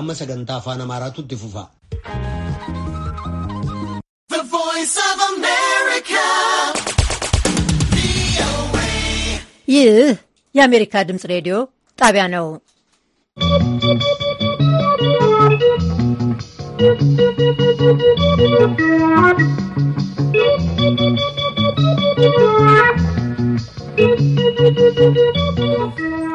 amma sagantaa afaan amaaraatutti fufa. ይህ የአሜሪካ ድምፅ ሬዲዮ ጣቢያ ነው። ¶¶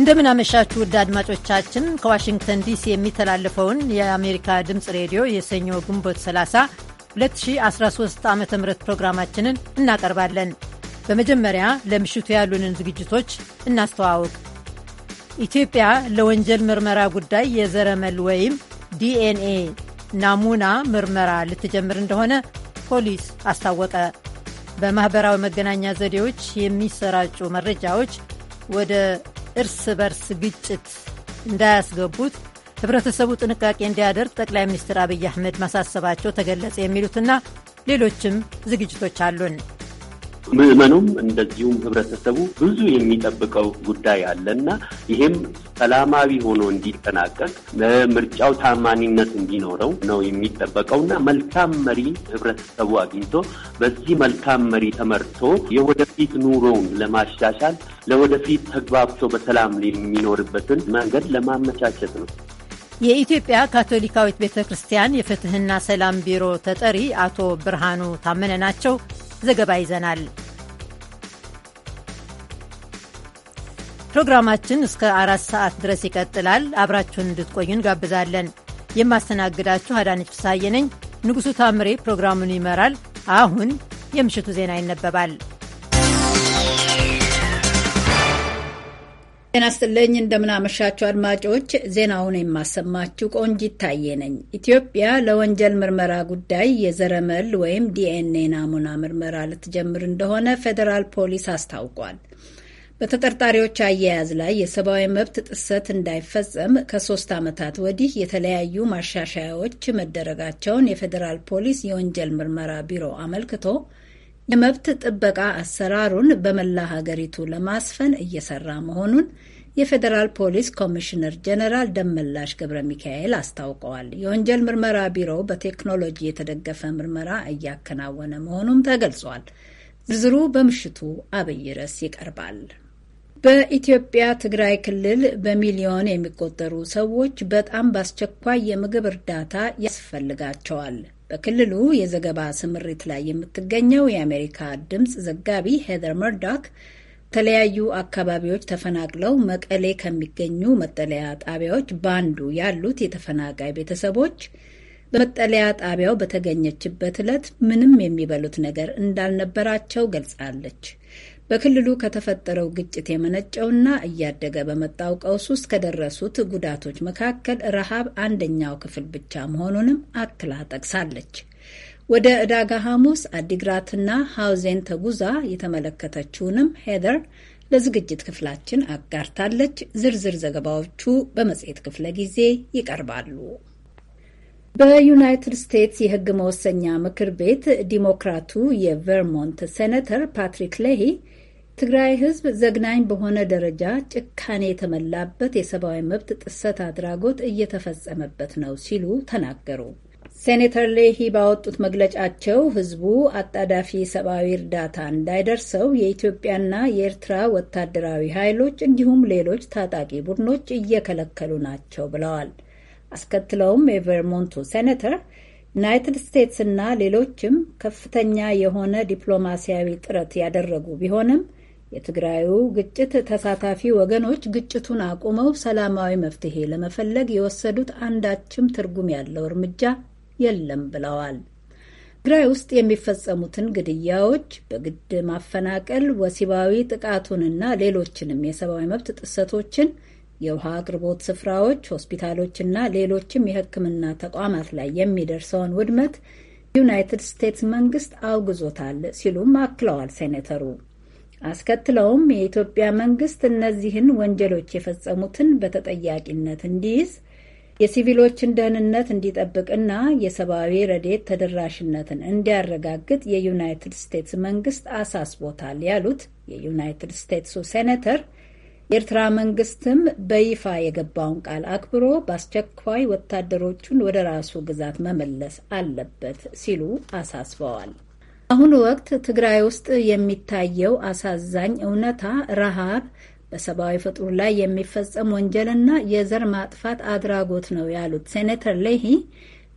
እንደምን አመሻችሁ ውድ አድማጮቻችን። ከዋሽንግተን ዲሲ የሚተላለፈውን የአሜሪካ ድምፅ ሬዲዮ የሰኞ ግንቦት 30 2013 ዓ ም ፕሮግራማችንን እናቀርባለን። በመጀመሪያ ለምሽቱ ያሉንን ዝግጅቶች እናስተዋውቅ። ኢትዮጵያ ለወንጀል ምርመራ ጉዳይ የዘረመል ወይም ዲኤንኤ ናሙና ምርመራ ልትጀምር እንደሆነ ፖሊስ አስታወቀ። በማኅበራዊ መገናኛ ዘዴዎች የሚሰራጩ መረጃዎች ወደ እርስ በርስ ግጭት እንዳያስገቡት ህብረተሰቡ ጥንቃቄ እንዲያደርግ ጠቅላይ ሚኒስትር አብይ አህመድ ማሳሰባቸው ተገለጸ። የሚሉትና ሌሎችም ዝግጅቶች አሉን። ምዕመኑም እንደዚሁም ህብረተሰቡ ብዙ የሚጠብቀው ጉዳይ አለና ይሄም ሰላማዊ ሆኖ እንዲጠናቀቅ ለምርጫው ታማኒነት እንዲኖረው ነው የሚጠበቀውና መልካም መሪ ህብረተሰቡ አግኝቶ በዚህ መልካም መሪ ተመርቶ የወደፊት ኑሮውን ለማሻሻል ለወደፊት ተግባብቶ በሰላም የሚኖርበትን መንገድ ለማመቻቸት ነው። የኢትዮጵያ ካቶሊካዊት ቤተ ክርስቲያን የፍትህና ሰላም ቢሮ ተጠሪ አቶ ብርሃኑ ታመነ ናቸው። ዘገባ ይዘናል። ፕሮግራማችን እስከ አራት ሰዓት ድረስ ይቀጥላል። አብራችሁን እንድትቆዩ እንጋብዛለን። የማስተናግዳችሁ አዳነች ፍሳዬ ነኝ። ንጉሡ ታምሬ ፕሮግራሙን ይመራል። አሁን የምሽቱ ዜና ይነበባል። ጤና ይስጥልኝ እንደምናመሻችሁ አድማጮች፣ ዜናውን የማሰማችሁ ቆንጂ ይታየ ነኝ። ኢትዮጵያ ለወንጀል ምርመራ ጉዳይ የዘረመል ወይም ዲኤንኤ ናሙና ምርመራ ልትጀምር እንደሆነ ፌዴራል ፖሊስ አስታውቋል። በተጠርጣሪዎች አያያዝ ላይ የሰብአዊ መብት ጥሰት እንዳይፈጸም ከሶስት ዓመታት ወዲህ የተለያዩ ማሻሻያዎች መደረጋቸውን የፌዴራል ፖሊስ የወንጀል ምርመራ ቢሮ አመልክቶ የመብት ጥበቃ አሰራሩን በመላ ሀገሪቱ ለማስፈን እየሰራ መሆኑን የፌዴራል ፖሊስ ኮሚሽነር ጀነራል ደመላሽ ገብረ ሚካኤል አስታውቀዋል። የወንጀል ምርመራ ቢሮው በቴክኖሎጂ የተደገፈ ምርመራ እያከናወነ መሆኑም ተገልጿል። ዝርዝሩ በምሽቱ አብይ ርዕስ ይቀርባል። በኢትዮጵያ ትግራይ ክልል በሚሊዮን የሚቆጠሩ ሰዎች በጣም በአስቸኳይ የምግብ እርዳታ ያስፈልጋቸዋል። በክልሉ የዘገባ ስምሪት ላይ የምትገኘው የአሜሪካ ድምፅ ዘጋቢ ሄዘር መርዳክ የተለያዩ አካባቢዎች ተፈናቅለው መቀሌ ከሚገኙ መጠለያ ጣቢያዎች ባንዱ ያሉት የተፈናቃይ ቤተሰቦች በመጠለያ ጣቢያው በተገኘችበት ዕለት ምንም የሚበሉት ነገር እንዳልነበራቸው ገልጻለች። በክልሉ ከተፈጠረው ግጭት የመነጨውና እያደገ በመጣው ቀውስ ውስጥ ከደረሱት ጉዳቶች መካከል ረሃብ አንደኛው ክፍል ብቻ መሆኑንም አክላ ጠቅሳለች። ወደ ዕዳጋ ሐሙስ አዲግራትና ሐውዜን ተጉዛ የተመለከተችውንም ሄደር ለዝግጅት ክፍላችን አጋርታለች። ዝርዝር ዘገባዎቹ በመጽሔት ክፍለ ጊዜ ይቀርባሉ። በዩናይትድ ስቴትስ የሕግ መወሰኛ ምክር ቤት ዲሞክራቱ የቨርሞንት ሴኔተር ፓትሪክ ሌሂ ትግራይ ሕዝብ ዘግናኝ በሆነ ደረጃ ጭካኔ የተመላበት የሰብአዊ መብት ጥሰት አድራጎት እየተፈጸመበት ነው ሲሉ ተናገሩ። ሴኔተር ሌሂ ባወጡት መግለጫቸው ሕዝቡ አጣዳፊ ሰብአዊ እርዳታ እንዳይደርሰው የኢትዮጵያና የኤርትራ ወታደራዊ ኃይሎች እንዲሁም ሌሎች ታጣቂ ቡድኖች እየከለከሉ ናቸው ብለዋል። አስከትለውም የቨርሞንቱ ሴኔተር ዩናይትድ ስቴትስና ሌሎችም ከፍተኛ የሆነ ዲፕሎማሲያዊ ጥረት ያደረጉ ቢሆንም የትግራዩ ግጭት ተሳታፊ ወገኖች ግጭቱን አቁመው ሰላማዊ መፍትሄ ለመፈለግ የወሰዱት አንዳችም ትርጉም ያለው እርምጃ የለም ብለዋል። ትግራይ ውስጥ የሚፈጸሙትን ግድያዎች፣ በግድ ማፈናቀል፣ ወሲባዊ ጥቃቱንና ሌሎችንም የሰብአዊ መብት ጥሰቶችን የውሃ አቅርቦት ስፍራዎች፣ ሆስፒታሎችና ሌሎችም የሕክምና ተቋማት ላይ የሚደርሰውን ውድመት ዩናይትድ ስቴትስ መንግስት አውግዞታል ሲሉም አክለዋል ሴኔተሩ። አስከትለውም የኢትዮጵያ መንግስት እነዚህን ወንጀሎች የፈጸሙትን በተጠያቂነት እንዲይዝ የሲቪሎችን ደህንነት እንዲጠብቅና የሰብአዊ ረዴት ተደራሽነትን እንዲያረጋግጥ የዩናይትድ ስቴትስ መንግስት አሳስቦታል ያሉት የዩናይትድ ስቴትሱ ሴኔተር የኤርትራ መንግስትም በይፋ የገባውን ቃል አክብሮ በአስቸኳይ ወታደሮቹን ወደ ራሱ ግዛት መመለስ አለበት ሲሉ አሳስበዋል። በአሁኑ ወቅት ትግራይ ውስጥ የሚታየው አሳዛኝ እውነታ ረሃብ፣ በሰብአዊ ፍጡር ላይ የሚፈጸም ወንጀልና የዘር ማጥፋት አድራጎት ነው ያሉት ሴኔተር ሌሂ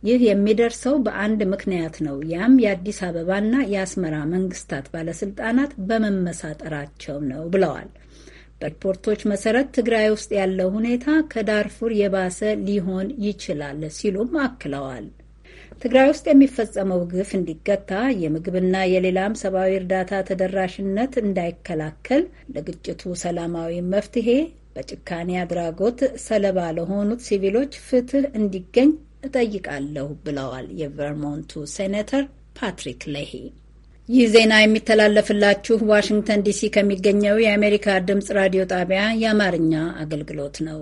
ይህ የሚደርሰው በአንድ ምክንያት ነው። ያም የአዲስ አበባና የአስመራ መንግስታት ባለስልጣናት በመመሳጠራቸው ነው ብለዋል። በሪፖርቶች መሰረት ትግራይ ውስጥ ያለው ሁኔታ ከዳርፉር የባሰ ሊሆን ይችላል ሲሉም አክለዋል። ትግራይ ውስጥ የሚፈጸመው ግፍ እንዲገታ፣ የምግብና የሌላም ሰብአዊ እርዳታ ተደራሽነት እንዳይከላከል፣ ለግጭቱ ሰላማዊ መፍትሄ፣ በጭካኔ አድራጎት ሰለባ ለሆኑት ሲቪሎች ፍትህ እንዲገኝ እጠይቃለሁ ብለዋል የቨርሞንቱ ሴኔተር ፓትሪክ ለሂ። ይህ ዜና የሚተላለፍላችሁ ዋሽንግተን ዲሲ ከሚገኘው የአሜሪካ ድምፅ ራዲዮ ጣቢያ የአማርኛ አገልግሎት ነው።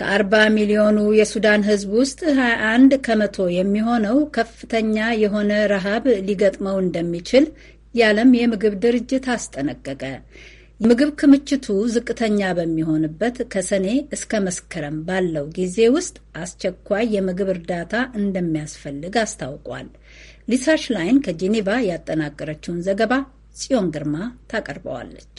ከ40 ሚሊዮኑ የሱዳን ህዝብ ውስጥ 21 ከመቶ የሚሆነው ከፍተኛ የሆነ ረሃብ ሊገጥመው እንደሚችል የዓለም የምግብ ድርጅት አስጠነቀቀ። የምግብ ክምችቱ ዝቅተኛ በሚሆንበት ከሰኔ እስከ መስከረም ባለው ጊዜ ውስጥ አስቸኳይ የምግብ እርዳታ እንደሚያስፈልግ አስታውቋል። ሊሳሽ ላይን ከጄኔቫ ያጠናቀረችውን ዘገባ ጽዮን ግርማ ታቀርበዋለች።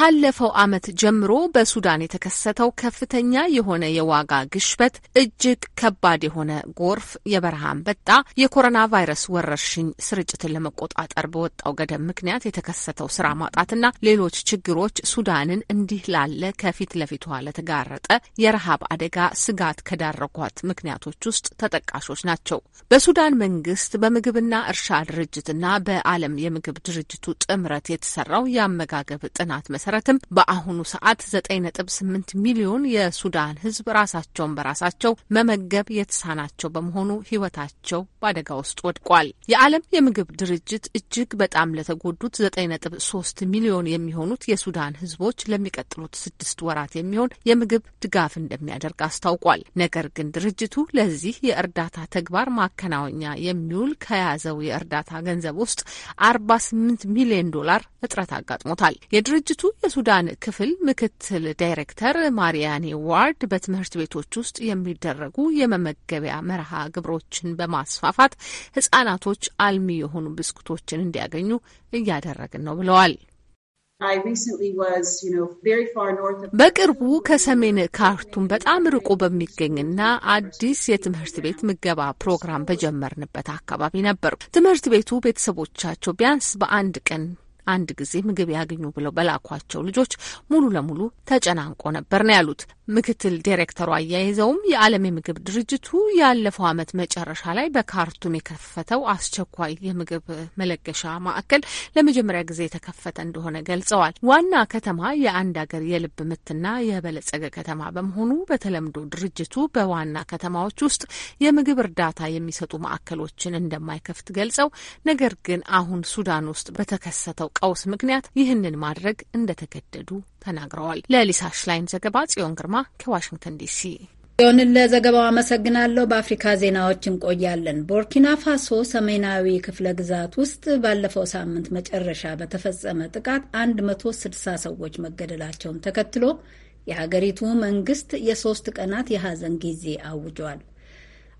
ካለፈው ዓመት ጀምሮ በሱዳን የተከሰተው ከፍተኛ የሆነ የዋጋ ግሽበት፣ እጅግ ከባድ የሆነ ጎርፍ፣ የበረሃ አንበጣ፣ የኮሮና ቫይረስ ወረርሽኝ ስርጭትን ለመቆጣጠር በወጣው ገደብ ምክንያት የተከሰተው ስራ ማጣትና ሌሎች ችግሮች ሱዳንን እንዲህ ላለ ከፊት ለፊቷ ለተጋረጠ የረሃብ አደጋ ስጋት ከዳረጓት ምክንያቶች ውስጥ ተጠቃሾች ናቸው። በሱዳን መንግስት በምግብና እርሻ ድርጅትና በዓለም የምግብ ድርጅቱ ጥምረት የተሰራው የአመጋገብ ጥናት መሰ መሰረትም በአሁኑ ሰዓት ዘጠኝ ነጥብ ስምንት ሚሊዮን የሱዳን ህዝብ ራሳቸውን በራሳቸው መመገብ የተሳናቸው በመሆኑ ህይወታቸው በአደጋ ውስጥ ወድቋል። የዓለም የምግብ ድርጅት እጅግ በጣም ለተጎዱት ዘጠኝ ነጥብ ሶስት ሚሊዮን የሚሆኑት የሱዳን ህዝቦች ለሚቀጥሉት ስድስት ወራት የሚሆን የምግብ ድጋፍ እንደሚያደርግ አስታውቋል። ነገር ግን ድርጅቱ ለዚህ የእርዳታ ተግባር ማከናወኛ የሚውል ከያዘው የእርዳታ ገንዘብ ውስጥ አርባ ስምንት ሚሊዮን ዶላር እጥረት አጋጥሞታል። የድርጅቱ የሱዳን ክፍል ምክትል ዳይሬክተር ማሪያኒ ዋርድ በትምህርት ቤቶች ውስጥ የሚደረጉ የመመገቢያ መርሃ ግብሮችን በማስፋፋት ህጻናቶች አልሚ የሆኑ ብስኩቶችን እንዲያገኙ እያደረግን ነው ብለዋል። በቅርቡ ከሰሜን ካርቱም በጣም ርቆ በሚገኝና አዲስ የትምህርት ቤት ምገባ ፕሮግራም በጀመርንበት አካባቢ ነበር። ትምህርት ቤቱ ቤተሰቦቻቸው ቢያንስ በአንድ ቀን አንድ ጊዜ ምግብ ያገኙ ብለው በላኳቸው ልጆች ሙሉ ለሙሉ ተጨናንቆ ነበር ነው ያሉት። ምክትል ዲሬክተሩ አያይዘውም የዓለም የምግብ ድርጅቱ ያለፈው ዓመት መጨረሻ ላይ በካርቱም የከፈተው አስቸኳይ የምግብ መለገሻ ማዕከል ለመጀመሪያ ጊዜ የተከፈተ እንደሆነ ገልጸዋል። ዋና ከተማ የአንድ ሀገር የልብ ምትና የበለጸገ ከተማ በመሆኑ በተለምዶ ድርጅቱ በዋና ከተማዎች ውስጥ የምግብ እርዳታ የሚሰጡ ማዕከሎችን እንደማይከፍት ገልጸው፣ ነገር ግን አሁን ሱዳን ውስጥ በተከሰተው ቀውስ ምክንያት ይህንን ማድረግ እንደተገደዱ ተናግረዋል። ለሊሳ ሽላይን ዘገባ ጽዮን ግርማ ከዋሽንግተን ዲሲ። ጽዮንን ለዘገባው አመሰግናለሁ። በአፍሪካ ዜናዎች እንቆያለን። ቦርኪና ፋሶ ሰሜናዊ ክፍለ ግዛት ውስጥ ባለፈው ሳምንት መጨረሻ በተፈጸመ ጥቃት 160 ሰዎች መገደላቸውን ተከትሎ የሀገሪቱ መንግስት የሶስት ቀናት የሐዘን ጊዜ አውጇል።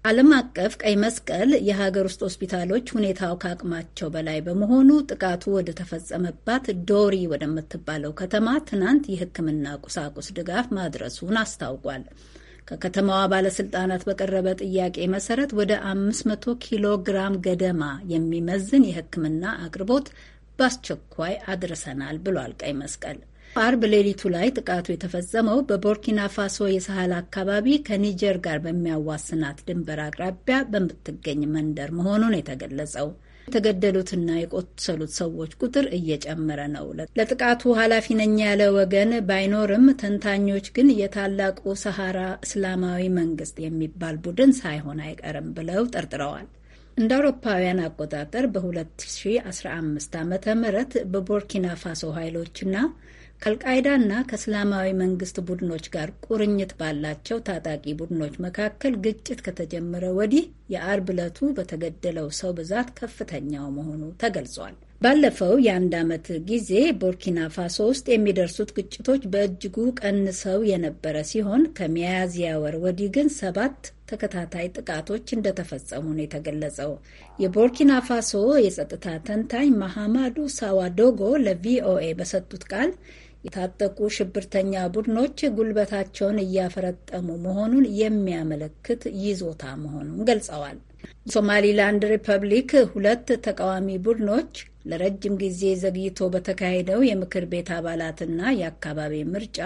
ዓለም አቀፍ ቀይ መስቀል የሀገር ውስጥ ሆስፒታሎች ሁኔታው ከአቅማቸው በላይ በመሆኑ ጥቃቱ ወደ ተፈጸመባት ዶሪ ወደምትባለው ከተማ ትናንት የሕክምና ቁሳቁስ ድጋፍ ማድረሱን አስታውቋል። ከከተማዋ ባለስልጣናት በቀረበ ጥያቄ መሰረት ወደ 500 ኪሎ ግራም ገደማ የሚመዝን የሕክምና አቅርቦት በአስቸኳይ አድርሰናል ብሏል ቀይ መስቀል። አርብ ሌሊቱ ላይ ጥቃቱ የተፈጸመው በቦርኪና ፋሶ የሳህል አካባቢ ከኒጀር ጋር በሚያዋስናት ድንበር አቅራቢያ በምትገኝ መንደር መሆኑን የተገለጸው። የተገደሉትና የቆሰሉት ሰዎች ቁጥር እየጨመረ ነው። ለጥቃቱ ኃላፊ ነኝ ያለ ወገን ባይኖርም ተንታኞች ግን የታላቁ ሰሃራ እስላማዊ መንግስት የሚባል ቡድን ሳይሆን አይቀርም ብለው ጠርጥረዋል። እንደ አውሮፓውያን አቆጣጠር በ2015 ዓ ም በቦርኪና ፋሶ ኃይሎችና ከአልቃይዳና ከእስላማዊ መንግስት ቡድኖች ጋር ቁርኝት ባላቸው ታጣቂ ቡድኖች መካከል ግጭት ከተጀመረ ወዲህ የአርብ ዕለቱ በተገደለው ሰው ብዛት ከፍተኛው መሆኑ ተገልጿል። ባለፈው የአንድ ዓመት ጊዜ ቦርኪና ፋሶ ውስጥ የሚደርሱት ግጭቶች በእጅጉ ቀንሰው የነበረ ሲሆን ከሚያዝያ ወር ወዲህ ግን ሰባት ተከታታይ ጥቃቶች እንደተፈጸሙ ነው የተገለጸው። የቦርኪና ፋሶ የጸጥታ ተንታኝ መሐማዱ ሳዋዶጎ ለቪኦኤ በሰጡት ቃል የታጠቁ ሽብርተኛ ቡድኖች ጉልበታቸውን እያፈረጠሙ መሆኑን የሚያመለክት ይዞታ መሆኑን ገልጸዋል። ሶማሊላንድ ሪፐብሊክ ሁለት ተቃዋሚ ቡድኖች ለረጅም ጊዜ ዘግይቶ በተካሄደው የምክር ቤት አባላትና የአካባቢ ምርጫ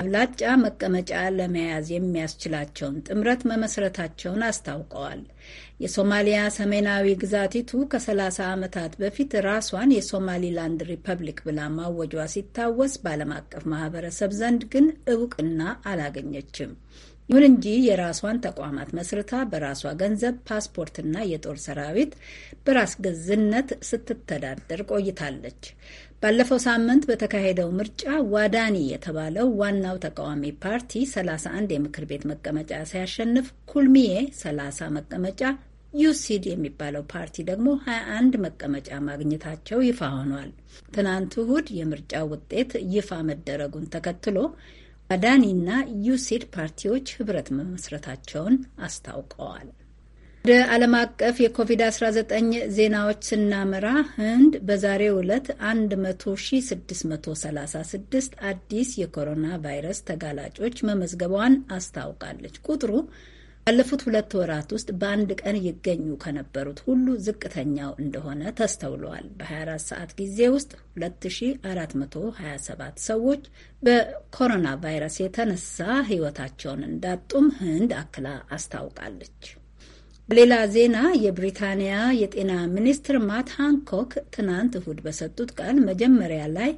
አብላጫ መቀመጫ ለመያዝ የሚያስችላቸውን ጥምረት መመስረታቸውን አስታውቀዋል። የሶማሊያ ሰሜናዊ ግዛቲቱ ከ30 ዓመታት በፊት ራሷን የሶማሊላንድ ሪፐብሊክ ብላ ማወጇ ሲታወስ በዓለም አቀፍ ማህበረሰብ ዘንድ ግን እውቅና አላገኘችም። ይሁን እንጂ የራሷን ተቋማት መስርታ በራሷ ገንዘብ ፓስፖርትና የጦር ሰራዊት በራስ ገዝነት ስትተዳደር ቆይታለች። ባለፈው ሳምንት በተካሄደው ምርጫ ዋዳኒ የተባለው ዋናው ተቃዋሚ ፓርቲ 31 የምክር ቤት መቀመጫ ሲያሸንፍ፣ ኩልሚዬ 30 መቀመጫ፣ ዩሲድ የሚባለው ፓርቲ ደግሞ 21 መቀመጫ ማግኘታቸው ይፋ ሆኗል። ትናንት እሁድ የምርጫ ውጤት ይፋ መደረጉን ተከትሎ እና ዩሲድ ፓርቲዎች ህብረት መመስረታቸውን አስታውቀዋል። ወደ ዓለም አቀፍ የኮቪድ-19 ዜናዎች ስናመራ ህንድ በዛሬው ዕለት 100,636 አዲስ የኮሮና ቫይረስ ተጋላጮች መመዝገቧን አስታውቃለች። ቁጥሩ ባለፉት ሁለት ወራት ውስጥ በአንድ ቀን ይገኙ ከነበሩት ሁሉ ዝቅተኛው እንደሆነ ተስተውሏል። በ24 ሰዓት ጊዜ ውስጥ 2427 ሰዎች በኮሮና ቫይረስ የተነሳ ሕይወታቸውን እንዳጡም ህንድ አክላ አስታውቃለች። ሌላ ዜና የብሪታንያ የጤና ሚኒስትር ማት ሃንኮክ ትናንት እሁድ በሰጡት ቃል መጀመሪያ ላይ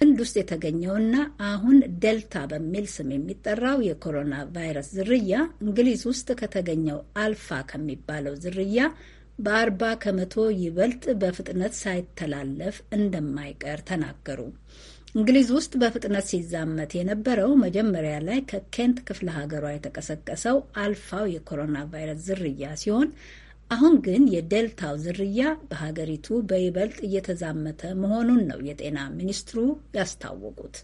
ህንድ ውስጥ የተገኘውና አሁን ዴልታ በሚል ስም የሚጠራው የኮሮና ቫይረስ ዝርያ እንግሊዝ ውስጥ ከተገኘው አልፋ ከሚባለው ዝርያ በአርባ ከመቶ ይበልጥ በፍጥነት ሳይተላለፍ እንደማይቀር ተናገሩ። እንግሊዝ ውስጥ በፍጥነት ሲዛመት የነበረው መጀመሪያ ላይ ከኬንት ክፍለ ሀገሯ የተቀሰቀሰው አልፋው የኮሮና ቫይረስ ዝርያ ሲሆን አሁን ግን የዴልታው ዝርያ በሀገሪቱ በይበልጥ እየተዛመተ መሆኑን ነው የጤና ሚኒስትሩ ያስታወቁት።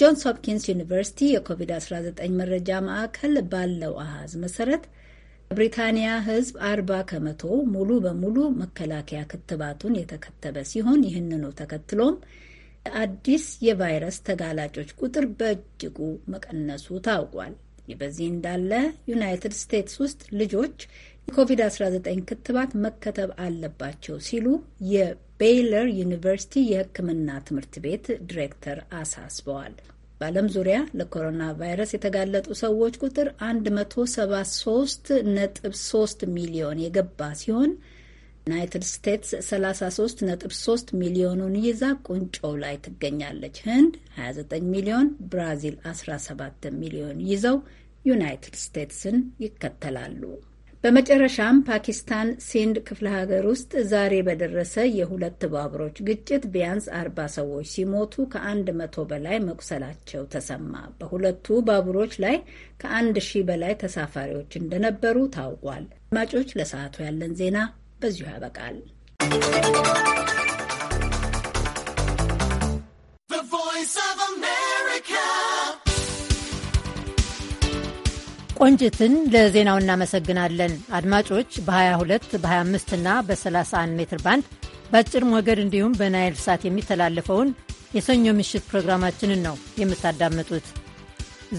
ጆንስ ሆፕኪንስ ዩኒቨርሲቲ የኮቪድ-19 መረጃ ማዕከል ባለው አሃዝ መሰረት ብሪታንያ ሕዝብ አርባ ከመቶ ሙሉ በሙሉ መከላከያ ክትባቱን የተከተበ ሲሆን ይህንኑ ተከትሎም አዲስ የቫይረስ ተጋላጮች ቁጥር በእጅጉ መቀነሱ ታውቋል። በዚህ እንዳለ ዩናይትድ ስቴትስ ውስጥ ልጆች የኮቪድ-19 ክትባት መከተብ አለባቸው ሲሉ የቤይለር ዩኒቨርሲቲ የሕክምና ትምህርት ቤት ዲሬክተር አሳስበዋል። በዓለም ዙሪያ ለኮሮና ቫይረስ የተጋለጡ ሰዎች ቁጥር 173 ነጥብ 3 ሚሊዮን የገባ ሲሆን ዩናይትድ ስቴትስ 33.3 3 ሚሊዮኑን ይዛ ቁንጮው ላይ ትገኛለች። ህንድ 29 ሚሊዮን፣ ብራዚል 17 ሚሊዮን ይዘው ዩናይትድ ስቴትስን ይከተላሉ። በመጨረሻም ፓኪስታን ሲንድ ክፍለ ሀገር ውስጥ ዛሬ በደረሰ የሁለት ባቡሮች ግጭት ቢያንስ አርባ ሰዎች ሲሞቱ ከአንድ መቶ በላይ መቁሰላቸው ተሰማ። በሁለቱ ባቡሮች ላይ ከአንድ ሺህ በላይ ተሳፋሪዎች እንደነበሩ ታውቋል። አድማጮች፣ ለሰዓቱ ያለን ዜና በዚሁ ያበቃል። ቆንጅትን ለዜናው እናመሰግናለን። አድማጮች በ22 በ25 እና በ31 ሜትር ባንድ በአጭር ሞገድ እንዲሁም በናይል ሳት የሚተላለፈውን የሰኞ ምሽት ፕሮግራማችንን ነው የምታዳምጡት።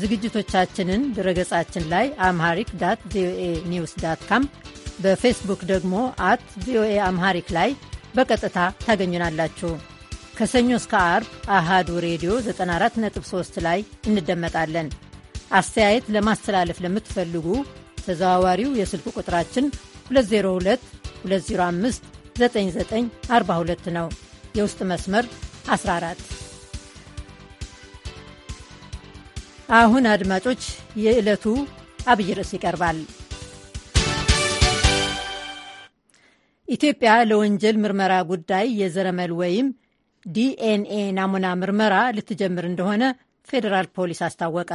ዝግጅቶቻችንን ድረገጻችን ላይ አምሃሪክ ዳት ቪኦኤ ኒውስ ዳት ካም፣ በፌስቡክ ደግሞ አት ቪኦኤ አምሃሪክ ላይ በቀጥታ ታገኙናላችሁ። ከሰኞ እስከ አርብ አሃዱ ሬዲዮ 94.3 ላይ እንደመጣለን። አስተያየት ለማስተላለፍ ለምትፈልጉ ተዘዋዋሪው የስልክ ቁጥራችን 2022059942 ነው። የውስጥ መስመር 14። አሁን አድማጮች የዕለቱ አብይ ርዕስ ይቀርባል። ኢትዮጵያ ለወንጀል ምርመራ ጉዳይ የዘረመል ወይም ዲኤንኤ ናሙና ምርመራ ልትጀምር እንደሆነ ፌዴራል ፖሊስ አስታወቀ።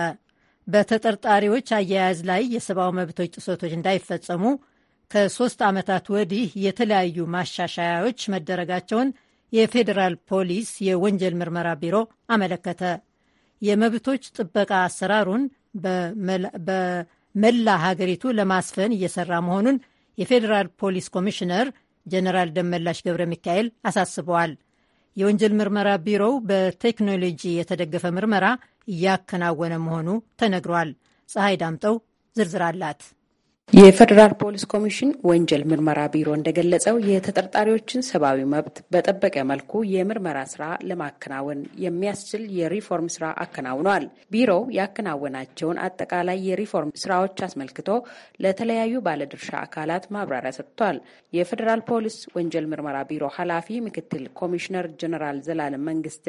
በተጠርጣሪዎች አያያዝ ላይ የሰብአዊ መብቶች ጥሰቶች እንዳይፈጸሙ ከሶስት ዓመታት ወዲህ የተለያዩ ማሻሻያዎች መደረጋቸውን የፌዴራል ፖሊስ የወንጀል ምርመራ ቢሮ አመለከተ። የመብቶች ጥበቃ አሰራሩን በመላ ሀገሪቱ ለማስፈን እየሰራ መሆኑን የፌዴራል ፖሊስ ኮሚሽነር ጀነራል ደመላሽ ገብረ ሚካኤል አሳስበዋል። የወንጀል ምርመራ ቢሮው በቴክኖሎጂ የተደገፈ ምርመራ እያከናወነ መሆኑ ተነግሯል። ፀሐይ ዳምጠው ዝርዝር አላት። የፌዴራል ፖሊስ ኮሚሽን ወንጀል ምርመራ ቢሮ እንደገለጸው የተጠርጣሪዎችን ሰብአዊ መብት በጠበቀ መልኩ የምርመራ ስራ ለማከናወን የሚያስችል የሪፎርም ስራ አከናውኗል። ቢሮው ያከናወናቸውን አጠቃላይ የሪፎርም ስራዎች አስመልክቶ ለተለያዩ ባለድርሻ አካላት ማብራሪያ ሰጥቷል። የፌዴራል ፖሊስ ወንጀል ምርመራ ቢሮ ኃላፊ ምክትል ኮሚሽነር ጀኔራል ዘላለም መንግስት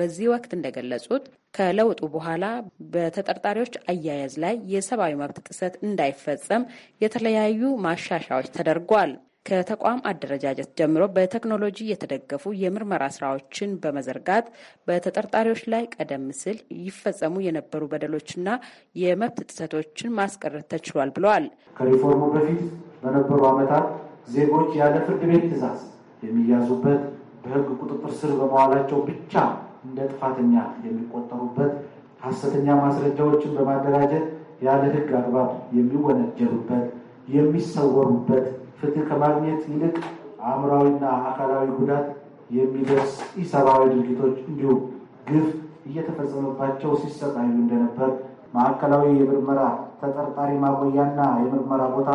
በዚህ ወቅት እንደገለጹት ከለውጡ በኋላ በተጠርጣሪዎች አያያዝ ላይ የሰብአዊ መብት ጥሰት እንዳይፈጸም የተለያዩ ማሻሻያዎች ተደርጓል። ከተቋም አደረጃጀት ጀምሮ በቴክኖሎጂ የተደገፉ የምርመራ ስራዎችን በመዘርጋት በተጠርጣሪዎች ላይ ቀደም ሲል ይፈጸሙ የነበሩ በደሎችና የመብት ጥሰቶችን ማስቀረት ተችሏል ብለዋል። ከሪፎርሙ በፊት በነበሩ ዓመታት ዜጎች ያለ ፍርድ ቤት ትዕዛዝ የሚያዙበት በሕግ ቁጥጥር ስር በመዋላቸው ብቻ እንደ ጥፋተኛ የሚቆጠሩበት፣ ሐሰተኛ ማስረጃዎችን በማደራጀት ያለ ሕግ አግባብ የሚወነጀሉበት፣ የሚሰወሩበት፣ ፍትህ ከማግኘት ይልቅ አእምራዊና አካላዊ ጉዳት የሚደርስ ኢሰብአዊ ድርጊቶች እንዲሁም ግፍ እየተፈጸመባቸው ሲሰቃዩ እንደነበር ማዕከላዊ የምርመራ ተጠርጣሪ ማቆያና የምርመራ ቦታ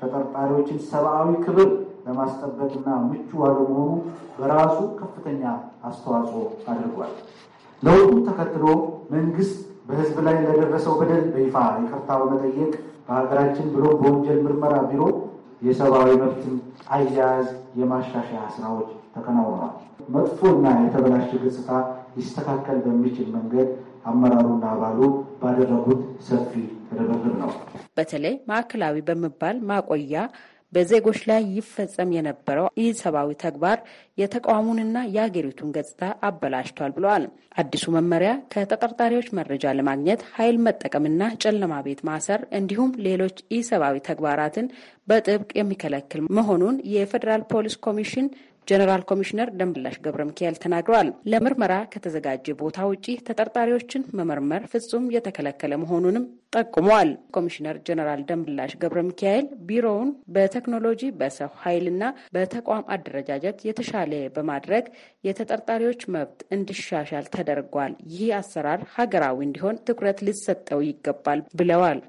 ተጠርጣሪዎችን ሰብአዊ ክብር ለማስጠበቅና ምቹ አለመሆኑ በራሱ ከፍተኛ አስተዋጽኦ አድርጓል። ለውጡን ተከትሎ መንግስት በህዝብ ላይ ለደረሰው በደል በይፋ ይቅርታ በመጠየቅ በሀገራችን ብሎ በወንጀል ምርመራ ቢሮ የሰብአዊ መብትን አያያዝ የማሻሻያ ስራዎች ተከናውነዋል። መጥፎና የተበላሸ ገጽታ ሊስተካከል በሚችል መንገድ አመራሩና አባሉ ባደረጉት ሰፊ ርብርብ ነው። በተለይ ማዕከላዊ በመባል ማቆያ በዜጎች ላይ ይፈጸም የነበረው ኢሰብአዊ ተግባር የተቋሙንና የአገሪቱን ገጽታ አበላሽቷል ብለዋል። አዲሱ መመሪያ ከተጠርጣሪዎች መረጃ ለማግኘት ኃይል መጠቀምና ጨለማ ቤት ማሰር እንዲሁም ሌሎች ኢሰብአዊ ተግባራትን በጥብቅ የሚከለክል መሆኑን የፌዴራል ፖሊስ ኮሚሽን ጀነራል ኮሚሽነር ደንብላሽ ገብረ ሚካኤል ተናግረዋል። ለምርመራ ከተዘጋጀ ቦታ ውጪ ተጠርጣሪዎችን መመርመር ፍጹም የተከለከለ መሆኑንም ጠቁመዋል። ኮሚሽነር ጀኔራል ደንብላሽ ገብረ ሚካኤል ቢሮውን በቴክኖሎጂ በሰው ኃይልና በተቋም አደረጃጀት የተሻለ በማድረግ የተጠርጣሪዎች መብት እንዲሻሻል ተደርጓል። ይህ አሰራር ሀገራዊ እንዲሆን ትኩረት ሊሰጠው ይገባል ብለዋል።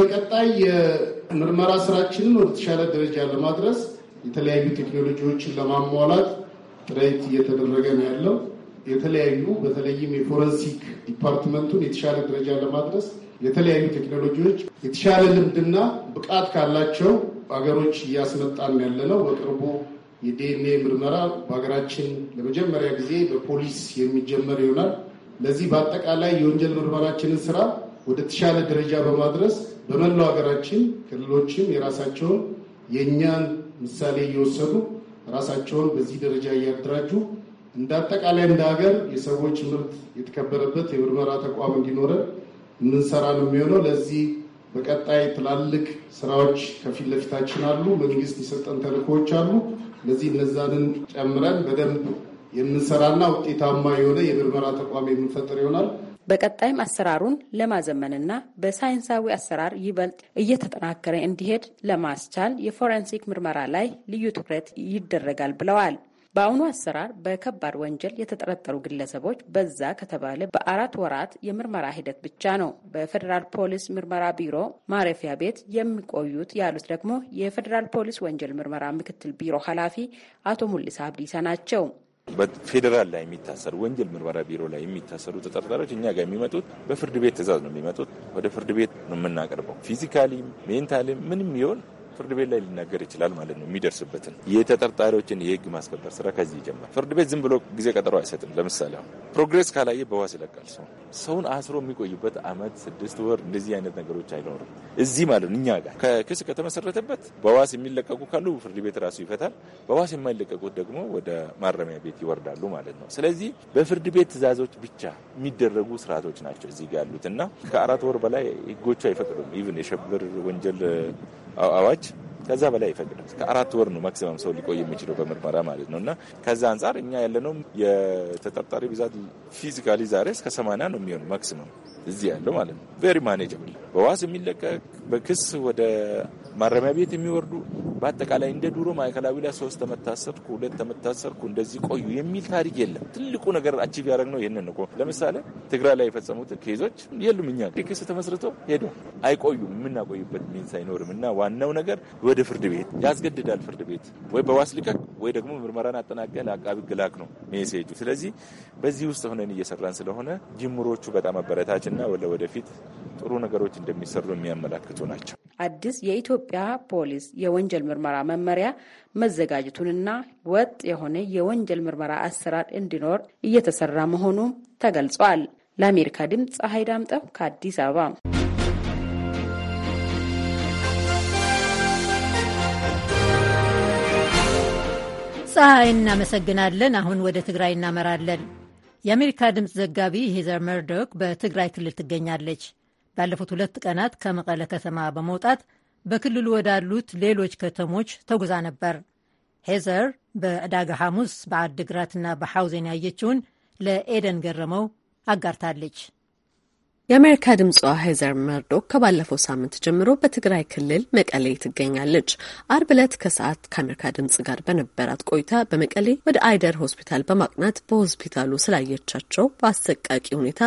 በቀጣይ የምርመራ ስራችንን ወደ ተሻለ ደረጃ ለማድረስ የተለያዩ ቴክኖሎጂዎችን ለማሟላት ጥረት እየተደረገ ነው ያለው። የተለያዩ በተለይም የፎረንሲክ ዲፓርትመንቱን የተሻለ ደረጃ ለማድረስ የተለያዩ ቴክኖሎጂዎች የተሻለ ልምድና ብቃት ካላቸው ሀገሮች እያስመጣን ያለ ነው። በቅርቡ የዲኤንኤ ምርመራ በሀገራችን ለመጀመሪያ ጊዜ በፖሊስ የሚጀመር ይሆናል። ለዚህ በአጠቃላይ የወንጀል ምርመራችንን ስራ ወደ ተሻለ ደረጃ በማድረስ በመላው ሀገራችን ክልሎችም የራሳቸውን የእኛን ምሳሌ እየወሰዱ ራሳቸውን በዚህ ደረጃ እያደራጁ እንደ አጠቃላይ እንደ ሀገር የሰዎች ምርት የተከበረበት የምርመራ ተቋም እንዲኖረን የምንሰራ ነው የሚሆነው። ለዚህ በቀጣይ ትላልቅ ስራዎች ከፊት ለፊታችን አሉ። መንግስት የሰጠን ተልእኮዎች አሉ። ለዚህ እነዛንን ጨምረን በደንብ የምንሰራና ውጤታማ የሆነ የምርመራ ተቋም የምንፈጥር ይሆናል። በቀጣይም አሰራሩን ለማዘመንና በሳይንሳዊ አሰራር ይበልጥ እየተጠናከረ እንዲሄድ ለማስቻል የፎረንሲክ ምርመራ ላይ ልዩ ትኩረት ይደረጋል ብለዋል። በአሁኑ አሰራር በከባድ ወንጀል የተጠረጠሩ ግለሰቦች በዛ ከተባለ በአራት ወራት የምርመራ ሂደት ብቻ ነው በፌዴራል ፖሊስ ምርመራ ቢሮ ማረፊያ ቤት የሚቆዩት ያሉት ደግሞ የፌዴራል ፖሊስ ወንጀል ምርመራ ምክትል ቢሮ ኃላፊ አቶ ሙልስ አብዲሳ ናቸው። በፌዴራል ላይ የሚታሰሩ ወንጀል ምርመራ ቢሮ ላይ የሚታሰሩ ተጠርጣሪዎች እኛ ጋር የሚመጡት በፍርድ ቤት ትዕዛዝ ነው የሚመጡት። ወደ ፍርድ ቤት ነው የምናቀርበው። ፊዚካሊም ሜንታሊም ምንም ይሆን ፍርድ ቤት ላይ ሊናገር ይችላል ማለት ነው። የሚደርስበትን የተጠርጣሪዎችን የህግ ማስከበር ስራ ከዚህ ይጀምራል። ፍርድ ቤት ዝም ብሎ ጊዜ ቀጠሮ አይሰጥም። ለምሳሌ አሁን ፕሮግሬስ ካላየ በዋስ ይለቃል። ሰው ሰውን አስሮ የሚቆይበት አመት ስድስት ወር እንደዚህ አይነት ነገሮች አይኖርም እዚህ ማለት ነው። እኛ ጋር ከክስ ከተመሰረተበት በዋስ የሚለቀቁ ካሉ ፍርድ ቤት ራሱ ይፈታል። በዋስ የማይለቀቁት ደግሞ ወደ ማረሚያ ቤት ይወርዳሉ ማለት ነው። ስለዚህ በፍርድ ቤት ትእዛዞች ብቻ የሚደረጉ ስርዓቶች ናቸው እዚህ ጋር ያሉት እና ከአራት ወር በላይ ህጎቹ አይፈቅዱም። ኢቭን የሽብር ወንጀል አዋጅ ከዛ በላይ አይፈቅድም። እስከ አራት ወር ነው ማክሲማም ሰው ሊቆይ የሚችለው በምርመራ ማለት ነው። እና ከዛ አንጻር እኛ ያለነው የተጠርጣሪ ብዛት ፊዚካሊ ዛሬ እስከ ሰማንያ ነው የሚሆኑ ማክሲማም እዚህ ያለው ማለት ነው። ቬሪ ማኔጀብል በዋስ የሚለቀቅ በክስ ወደ ማረሚያ ቤት የሚወርዱ በአጠቃላይ እንደ ድሮ ማዕከላዊ ላይ ሶስት ተመታሰርኩ፣ ሁለት ተመታሰርኩ፣ እንደዚህ ቆዩ የሚል ታሪክ የለም። ትልቁ ነገር አቺቭ ያደረግ ነው ይህንን እኮ ለምሳሌ ትግራይ ላይ የፈጸሙት ኬዞች የሉም። እኛ ክስ ተመስርቶ ሄዱ አይቆዩም፣ የምናቆዩበት ሚንስ አይኖርም። እና ዋናው ነገር ወደ ፍርድ ቤት ያስገድዳል። ፍርድ ቤት ወይ በዋስ ልቀቅ ወይ ደግሞ ምርመራን አጠናቀ ለአቃቢ ግላክ ነው ሜሴጁ። ስለዚህ በዚህ ውስጥ ሆነን እየሰራን ስለሆነ ጅምሮቹ በጣም አበረታች እና ወደፊት ጥሩ ነገሮች እንደሚሰሩ የሚያመላክቱ ናቸው። አዲስ የኢትዮጵያ ፖሊስ የወንጀል ምርመራ መመሪያ መዘጋጀቱንና ወጥ የሆነ የወንጀል ምርመራ አሰራር እንዲኖር እየተሰራ መሆኑ ተገልጿል። ለአሜሪካ ድምፅ ፀሐይ ዳምጠው ከአዲስ አበባ። ፀሐይ እናመሰግናለን። አሁን ወደ ትግራይ እናመራለን። የአሜሪካ ድምፅ ዘጋቢ ሄዘር መርዶክ በትግራይ ክልል ትገኛለች። ላለፉት ሁለት ቀናት ከመቀለ ከተማ በመውጣት በክልሉ ወዳሉት ሌሎች ከተሞች ተጉዛ ነበር። ሄዘር በዕዳጋ ሐሙስ በአድግራትና በሐውዜን ያየችውን ለኤደን ገረመው አጋርታለች። የአሜሪካ ድምጿ ሄዘር መርዶክ ከባለፈው ሳምንት ጀምሮ በትግራይ ክልል መቀሌ ትገኛለች። አርብ ዕለት ከሰዓት ከአሜሪካ ድምጽ ጋር በነበራት ቆይታ በመቀሌ ወደ አይደር ሆስፒታል በማቅናት በሆስፒታሉ ስላየቻቸው በአሰቃቂ ሁኔታ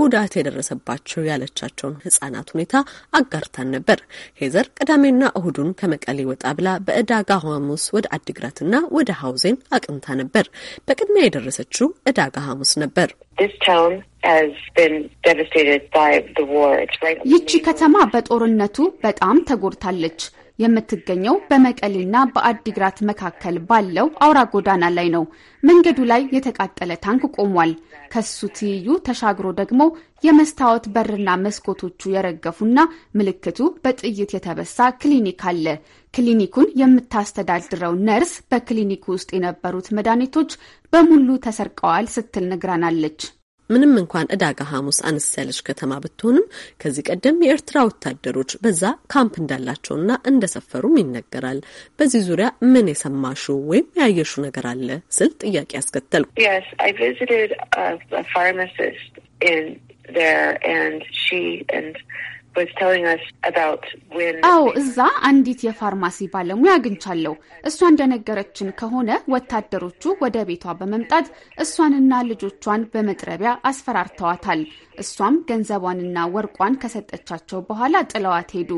ጉዳት የደረሰባቸው ያለቻቸውን ህጻናት ሁኔታ አጋርታን ነበር። ሄዘር ቅዳሜና እሁዱን ከመቀሌ ወጣ ብላ በእዳጋ ሐሙስ ወደ አዲግራትና ወደ ሀውዜን አቅንታ ነበር። በቅድሚያ የደረሰችው እዳጋ ሐሙስ ነበር። ይቺ ከተማ በጦርነቱ በጣም ተጎድታለች። የምትገኘው በመቀሌና በአዲግራት መካከል ባለው አውራ ጎዳና ላይ ነው። መንገዱ ላይ የተቃጠለ ታንክ ቆሟል። ከሱ ትይዩ ተሻግሮ ደግሞ የመስታወት በርና መስኮቶቹ የረገፉና ምልክቱ በጥይት የተበሳ ክሊኒክ አለ። ክሊኒኩን የምታስተዳድረው ነርስ በክሊኒኩ ውስጥ የነበሩት መድኃኒቶች በሙሉ ተሰርቀዋል ስትል ነግራናለች። ምንም እንኳን እዳጋ ሐሙስ አነስ ያለች ከተማ ብትሆንም ከዚህ ቀደም የኤርትራ ወታደሮች በዛ ካምፕ እንዳላቸውና እንደሰፈሩም ይነገራል። በዚህ ዙሪያ ምን የሰማሹ ወይም ያየሹ ነገር አለ ስል ጥያቄ ያስከተሉ። አዎ እዛ አንዲት የፋርማሲ ባለሙያ አግኝቻለሁ። እሷ እንደነገረችን ከሆነ ወታደሮቹ ወደ ቤቷ በመምጣት እሷንና ልጆቿን በመጥረቢያ አስፈራርተዋታል። እሷም ገንዘቧንና ወርቋን ከሰጠቻቸው በኋላ ጥለዋት ሄዱ።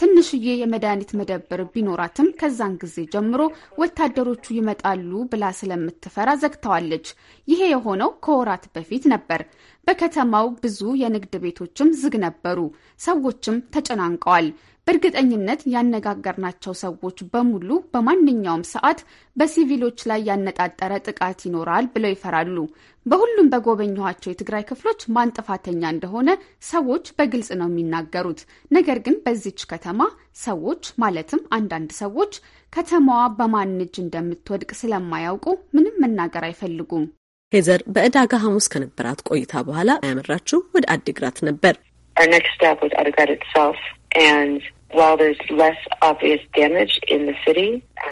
ትንሽዬ የመድኃኒት መደብር ቢኖራትም ከዛን ጊዜ ጀምሮ ወታደሮቹ ይመጣሉ ብላ ስለምትፈራ ዘግተዋለች። ይሄ የሆነው ከወራት በፊት ነበር። በከተማው ብዙ የንግድ ቤቶችም ዝግ ነበሩ። ሰዎችም ተጨናንቀዋል። በእርግጠኝነት ያነጋገርናቸው ሰዎች በሙሉ በማንኛውም ሰዓት በሲቪሎች ላይ ያነጣጠረ ጥቃት ይኖራል ብለው ይፈራሉ። በሁሉም በጎበኘኋቸው የትግራይ ክፍሎች ማን ጥፋተኛ እንደሆነ ሰዎች በግልጽ ነው የሚናገሩት። ነገር ግን በዚች ከተማ ሰዎች ማለትም አንዳንድ ሰዎች ከተማዋ በማን እጅ እንደምትወድቅ ስለማያውቁ ምንም መናገር አይፈልጉም። ሄዘር በእዳጋ ሐሙስ ከነበራት ቆይታ በኋላ ያመራችው ወደ አዲግራት ነበር። uh,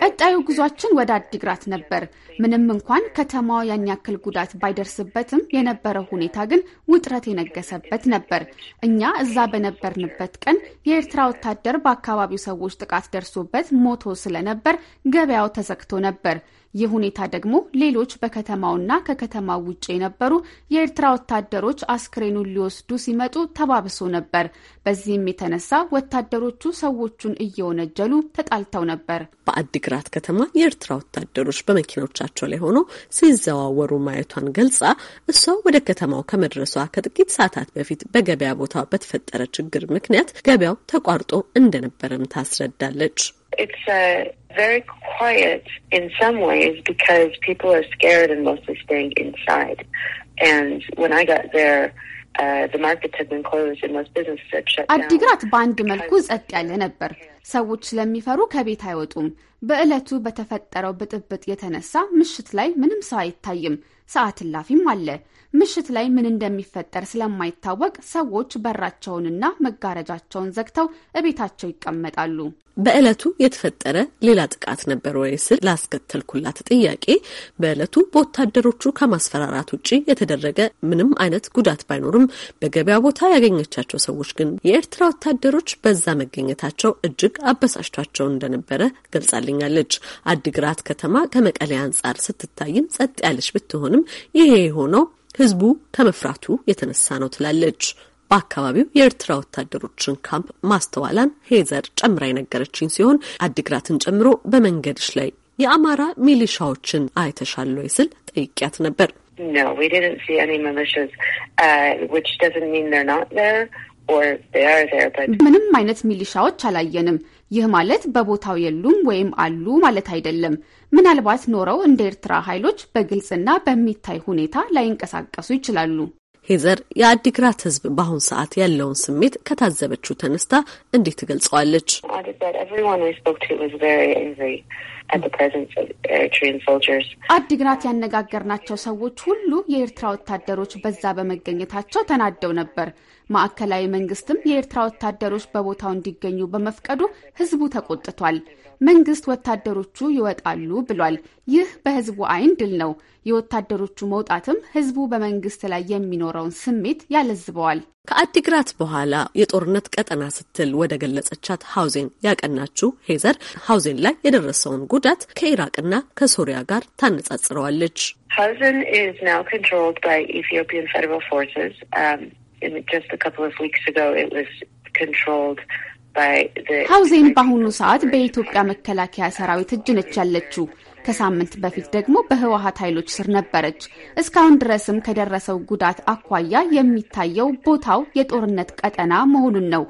ቀጣዩ ጉዟችን ወደ አዲግራት ነበር። ምንም እንኳን ከተማዋ ያን ያክል ጉዳት ባይደርስበትም የነበረው ሁኔታ ግን ውጥረት የነገሰበት ነበር። እኛ እዛ በነበርንበት ቀን የኤርትራ ወታደር በአካባቢው ሰዎች ጥቃት ደርሶበት ሞቶ ስለነበር ገበያው ተዘግቶ ነበር። ይህ ሁኔታ ደግሞ ሌሎች በከተማውና ከከተማው ውጭ የነበሩ የኤርትራ ወታደሮች አስክሬኑን ሊወስዱ ሲመጡ ተባብሶ ነበር። በዚህም የተነሳ ወታደሮቹ ሰዎቹን እየወነጀሉ ተጣልተው ነበር። በአዲግራት ከተማ የኤርትራ ወታደሮች በመኪናዎቻቸው ላይ ሆኖ ሲዘዋወሩ ማየቷን ገልጻ እሷ ወደ ከተማው ከመድረሷ ከጥቂት ሰዓታት በፊት በገበያ ቦታ በተፈጠረ ችግር ምክንያት ገበያው ተቋርጦ እንደነበረም ታስረዳለች። It's uh, very quiet in some ways because people are scared and mostly staying inside. And when I got there, uh, the markets had been closed and most businesses had shut down. አዲግራት በአንድ መልኩ ጸጥ ያለ ነበር። ሰዎች ስለሚፈሩ ከቤት አይወጡም። በዕለቱ በተፈጠረው ብጥብጥ የተነሳ ምሽት ላይ ምንም ሰው አይታይም። ሰዓት እላፊም አለ። ምሽት ላይ ምን እንደሚፈጠር ስለማይታወቅ ሰዎች በራቸውንና መጋረጃቸውን ዘግተው እቤታቸው ይቀመጣሉ። በዕለቱ የተፈጠረ ሌላ ጥቃት ነበር ወይ ስል ላስከተልኩላት ጥያቄ በዕለቱ በወታደሮቹ ከማስፈራራት ውጭ የተደረገ ምንም አይነት ጉዳት ባይኖርም በገበያ ቦታ ያገኘቻቸው ሰዎች ግን የኤርትራ ወታደሮች በዛ መገኘታቸው እጅግ አበሳጭቷቸው እንደነበረ ገልጻልኛለች። አዲግራት ከተማ ከመቀሌ አንጻር ስትታይም ጸጥ ያለች ብትሆንም ይሄ የሆነው ህዝቡ ከመፍራቱ የተነሳ ነው ትላለች። በአካባቢው የኤርትራ ወታደሮችን ካምፕ ማስተዋላን ሄዘር ጨምራ የነገረችኝ ሲሆን አዲግራትን ጨምሮ በመንገድሽ ላይ የአማራ ሚሊሻዎችን አይተሻል ወይ ስል ጠይቂያት ነበር። uh, ምንም አይነት ሚሊሻዎች አላየንም። ይህ ማለት በቦታው የሉም ወይም አሉ ማለት አይደለም። ምናልባት ኖረው እንደ ኤርትራ ኃይሎች በግልጽና በሚታይ ሁኔታ ላይንቀሳቀሱ ይችላሉ። ሄዘር የአዲግራት ሕዝብ በአሁን ሰዓት ያለውን ስሜት ከታዘበችው ተነስታ እንዴት ትገልጸዋለች? Uh, አዲግራት ያነጋገርናቸው ሰዎች ሁሉ የኤርትራ ወታደሮች በዛ በመገኘታቸው ተናደው ነበር። ማዕከላዊ መንግስትም የኤርትራ ወታደሮች በቦታው እንዲገኙ በመፍቀዱ ህዝቡ ተቆጥቷል። መንግስት ወታደሮቹ ይወጣሉ ብሏል። ይህ በህዝቡ አይን ድል ነው። የወታደሮቹ መውጣትም ህዝቡ በመንግስት ላይ የሚኖረውን ስሜት ያለዝበዋል። ከአዲግራት በኋላ የጦርነት ቀጠና ስትል ወደ ገለጸቻት ሀውዜን ያቀናችው ሄዘር ሀውዜን ላይ የደረሰውን ጉዳት ከኢራቅና ከሶሪያ ጋር ታነጻጽረዋለች። ሀውዜን ኢዝ ናው ኮንትሮልድ ባይ ኢትዮጵያን ፌደራል ፎርስስ ሀውዜን በአሁኑ ሰዓት በኢትዮጵያ መከላከያ ሰራዊት እጅ ነች ያለችው። ከሳምንት በፊት ደግሞ በህወሀት ኃይሎች ስር ነበረች። እስካሁን ድረስም ከደረሰው ጉዳት አኳያ የሚታየው ቦታው የጦርነት ቀጠና መሆኑን ነው።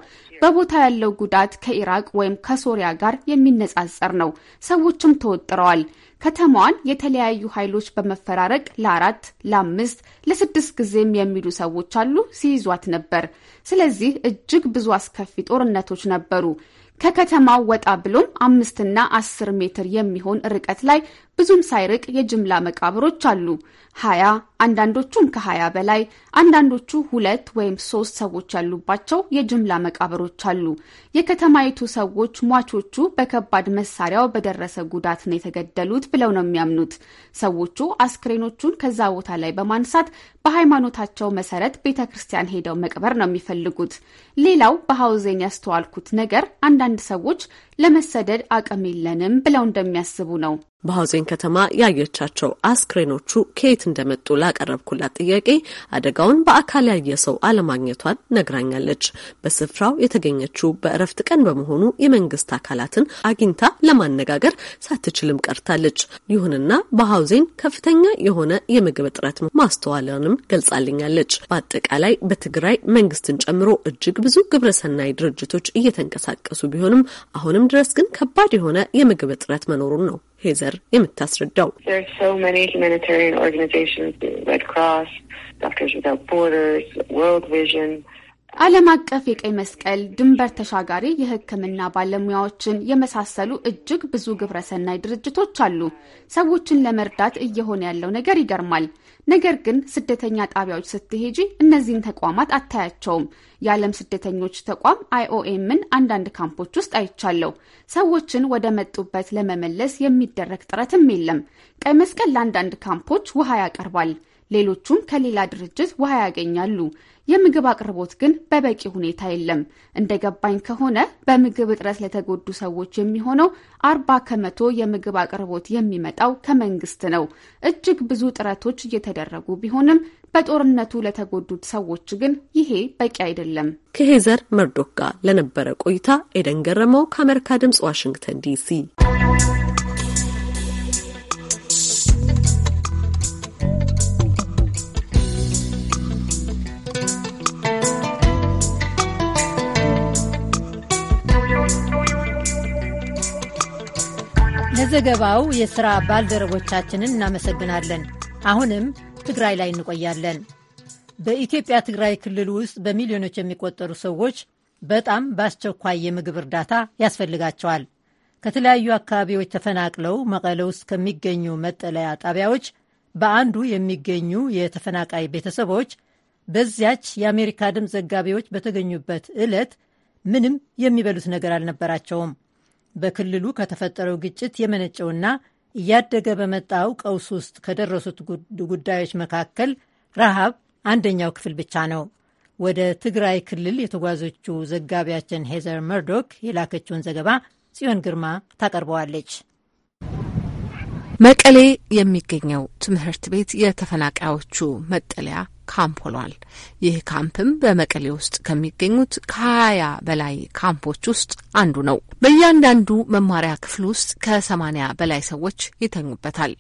በቦታ ያለው ጉዳት ከኢራቅ ወይም ከሶሪያ ጋር የሚነጻጸር ነው። ሰዎችም ተወጥረዋል። ከተማዋን የተለያዩ ኃይሎች በመፈራረቅ ለአራት ለአምስት ለስድስት ጊዜም የሚሉ ሰዎች አሉ ሲይዟት ነበር። ስለዚህ እጅግ ብዙ አስከፊ ጦርነቶች ነበሩ። ከከተማው ወጣ ብሎም አምስትና አስር ሜትር የሚሆን ርቀት ላይ ብዙም ሳይርቅ የጅምላ መቃብሮች አሉ። ሀያ አንዳንዶቹም ከሀያ በላይ አንዳንዶቹ ሁለት ወይም ሶስት ሰዎች ያሉባቸው የጅምላ መቃብሮች አሉ። የከተማይቱ ሰዎች ሟቾቹ በከባድ መሳሪያው በደረሰ ጉዳት ነው የተገደሉት ብለው ነው የሚያምኑት። ሰዎቹ አስክሬኖቹን ከዛ ቦታ ላይ በማንሳት በሃይማኖታቸው መሰረት ቤተ ክርስቲያን ሄደው መቅበር ነው የሚፈልጉት። ሌላው በሀውዜን ያስተዋልኩት ነገር አንዳንድ ሰዎች ለመሰደድ አቅም የለንም ብለው እንደሚያስቡ ነው። በሀውዜን ከተማ ያየቻቸው አስክሬኖቹ ከየት እንደመጡ ላቀረብኩላት ጥያቄ አደጋውን በአካል ያየ ሰው አለማግኘቷን ነግራኛለች። በስፍራው የተገኘችው በእረፍት ቀን በመሆኑ የመንግስት አካላትን አግኝታ ለማነጋገር ሳትችልም ቀርታለች። ይሁንና በሀውዜን ከፍተኛ የሆነ የምግብ እጥረት ማስተዋለንም ገልጻልኛለች። በአጠቃላይ በትግራይ መንግስትን ጨምሮ እጅግ ብዙ ግብረሰናይ ድርጅቶች እየተንቀሳቀሱ ቢሆንም አሁንም ድረስ ግን ከባድ የሆነ የምግብ እጥረት መኖሩን ነው ሄዘር የምታስረዳው ዓለም አቀፍ የቀይ መስቀል፣ ድንበር ተሻጋሪ የሕክምና ባለሙያዎችን የመሳሰሉ እጅግ ብዙ ግብረሰናይ ድርጅቶች አሉ። ሰዎችን ለመርዳት እየሆነ ያለው ነገር ይገርማል። ነገር ግን ስደተኛ ጣቢያዎች ስትሄጂ እነዚህን ተቋማት አታያቸውም። የዓለም ስደተኞች ተቋም አይኦኤምን አንዳንድ ካምፖች ውስጥ አይቻለሁ። ሰዎችን ወደ መጡበት ለመመለስ የሚደረግ ጥረትም የለም። ቀይ መስቀል ለአንዳንድ ካምፖች ውሃ ያቀርባል። ሌሎቹም ከሌላ ድርጅት ውሃ ያገኛሉ። የምግብ አቅርቦት ግን በበቂ ሁኔታ የለም። እንደ ገባኝ ከሆነ በምግብ እጥረት ለተጎዱ ሰዎች የሚሆነው አርባ ከመቶ የምግብ አቅርቦት የሚመጣው ከመንግስት ነው። እጅግ ብዙ ጥረቶች እየተደረጉ ቢሆንም በጦርነቱ ለተጎዱት ሰዎች ግን ይሄ በቂ አይደለም። ከሄዘር መርዶክ ጋር ለነበረ ቆይታ ኤደን ገረመው ከአሜሪካ ድምጽ ዋሽንግተን ዲሲ ለዘገባው የሥራ ባልደረቦቻችንን እናመሰግናለን። አሁንም ትግራይ ላይ እንቆያለን። በኢትዮጵያ ትግራይ ክልል ውስጥ በሚሊዮኖች የሚቆጠሩ ሰዎች በጣም በአስቸኳይ የምግብ እርዳታ ያስፈልጋቸዋል። ከተለያዩ አካባቢዎች ተፈናቅለው መቀለ ውስጥ ከሚገኙ መጠለያ ጣቢያዎች በአንዱ የሚገኙ የተፈናቃይ ቤተሰቦች በዚያች የአሜሪካ ድምፅ ዘጋቢዎች በተገኙበት ዕለት ምንም የሚበሉት ነገር አልነበራቸውም። በክልሉ ከተፈጠረው ግጭት የመነጨውና እያደገ በመጣው ቀውስ ውስጥ ከደረሱት ጉዳዮች መካከል ረሃብ አንደኛው ክፍል ብቻ ነው። ወደ ትግራይ ክልል የተጓዘችው ዘጋቢያችን ሄዘር መርዶክ የላከችውን ዘገባ ጽዮን ግርማ ታቀርበዋለች። መቀሌ የሚገኘው ትምህርት ቤት የተፈናቃዮቹ መጠለያ ካምፕ ሆኗል። ይህ ካምፕም በመቀሌ ውስጥ ከሚገኙት ከሀያ በላይ ካምፖች ውስጥ አንዱ ነው። በእያንዳንዱ መማሪያ ክፍል ውስጥ ከሰማኒያ በላይ ሰዎች ይተኙበታል።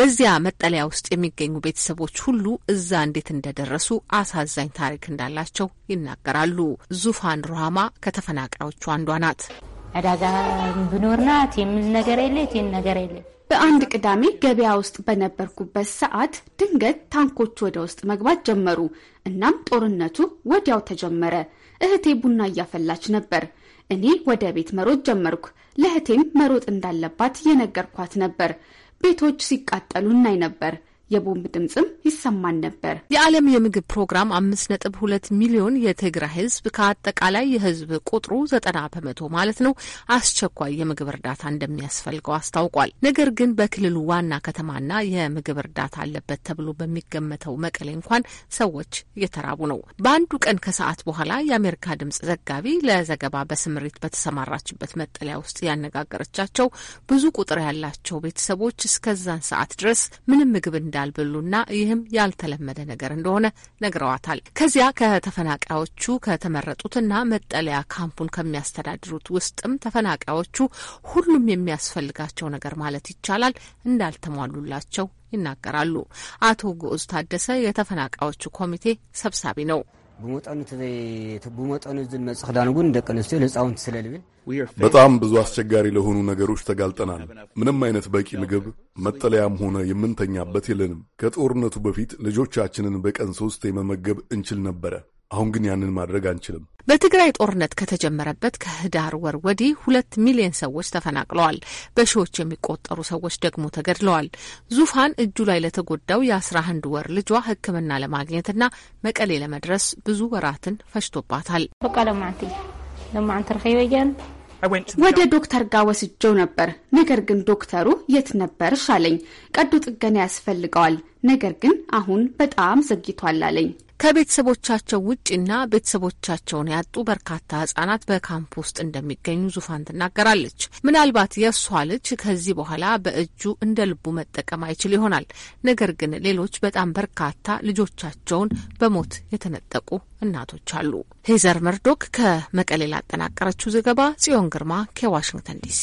በዚያ መጠለያ ውስጥ የሚገኙ ቤተሰቦች ሁሉ እዛ እንዴት እንደደረሱ አሳዛኝ ታሪክ እንዳላቸው ይናገራሉ። ዙፋን ሩሃማ ከተፈናቃዮቹ አንዷ ናት። አዳጋ ብኖርና የምል ነገር የለ ነገር የለም በአንድ ቅዳሜ ገበያ ውስጥ በነበርኩበት ሰዓት ድንገት ታንኮች ወደ ውስጥ መግባት ጀመሩ። እናም ጦርነቱ ወዲያው ተጀመረ። እህቴ ቡና እያፈላች ነበር። እኔ ወደ ቤት መሮጥ ጀመርኩ። ለእህቴም መሮጥ እንዳለባት የነገርኳት ነበር። ቤቶች ሲቃጠሉ እናይ ነበር። የቦምብ ድምፅም ይሰማን ነበር። የዓለም የምግብ ፕሮግራም አምስት ነጥብ ሁለት ሚሊዮን የትግራይ ህዝብ ከአጠቃላይ የህዝብ ቁጥሩ ዘጠና በመቶ ማለት ነው አስቸኳይ የምግብ እርዳታ እንደሚያስፈልገው አስታውቋል። ነገር ግን በክልሉ ዋና ከተማና የምግብ እርዳታ አለበት ተብሎ በሚገመተው መቀሌ እንኳን ሰዎች እየተራቡ ነው። በአንዱ ቀን ከሰዓት በኋላ የአሜሪካ ድምጽ ዘጋቢ ለዘገባ በስምሪት በተሰማራችበት መጠለያ ውስጥ ያነጋገረቻቸው ብዙ ቁጥር ያላቸው ቤተሰቦች እስከዛን ሰዓት ድረስ ምንም ምግብ እንዳልበሉና ይህም ያልተለመደ ነገር እንደሆነ ነግረዋታል። ከዚያ ከተፈናቃዮቹ ከተመረጡትና መጠለያ ካምፑን ከሚያስተዳድሩት ውስጥም ተፈናቃዮቹ ሁሉም የሚያስፈልጋቸው ነገር ማለት ይቻላል እንዳልተሟሉላቸው ይናገራሉ። አቶ ጎዝ ታደሰ የተፈናቃዮቹ ኮሚቴ ሰብሳቢ ነው። በጣም ብዙ አስቸጋሪ ለሆኑ ነገሮች ተጋልጠናል። ምንም አይነት በቂ ምግብ፣ መጠለያም ሆነ የምንተኛበት የለንም። ከጦርነቱ በፊት ልጆቻችንን በቀን ሶስት የመመገብ እንችል ነበረ። አሁን ግን ያንን ማድረግ አንችልም። በትግራይ ጦርነት ከተጀመረበት ከህዳር ወር ወዲህ ሁለት ሚሊዮን ሰዎች ተፈናቅለዋል። በሺዎች የሚቆጠሩ ሰዎች ደግሞ ተገድለዋል። ዙፋን እጁ ላይ ለተጎዳው የአስራ አንድ ወር ልጇ ሕክምና ለማግኘትና መቀሌ ለመድረስ ብዙ ወራትን ፈጅቶባታል። ወደ ዶክተር ጋር ወስጀው ነበር። ነገር ግን ዶክተሩ የት ነበርሽ አለኝ። ቀዶ ጥገና ያስፈልገዋል፣ ነገር ግን አሁን በጣም ዘግይቷል አለኝ። ከቤተሰቦቻቸው ውጭና ቤተሰቦቻቸውን ያጡ በርካታ ህጻናት በካምፕ ውስጥ እንደሚገኙ ዙፋን ትናገራለች። ምናልባት የእሷ ልጅ ከዚህ በኋላ በእጁ እንደ ልቡ መጠቀም አይችል ይሆናል። ነገር ግን ሌሎች በጣም በርካታ ልጆቻቸውን በሞት የተነጠቁ እናቶች አሉ። ሄዘር መርዶክ ከመቀሌ ላጠናቀረችው ዘገባ ጽዮን ግርማ ከዋሽንግተን ዲሲ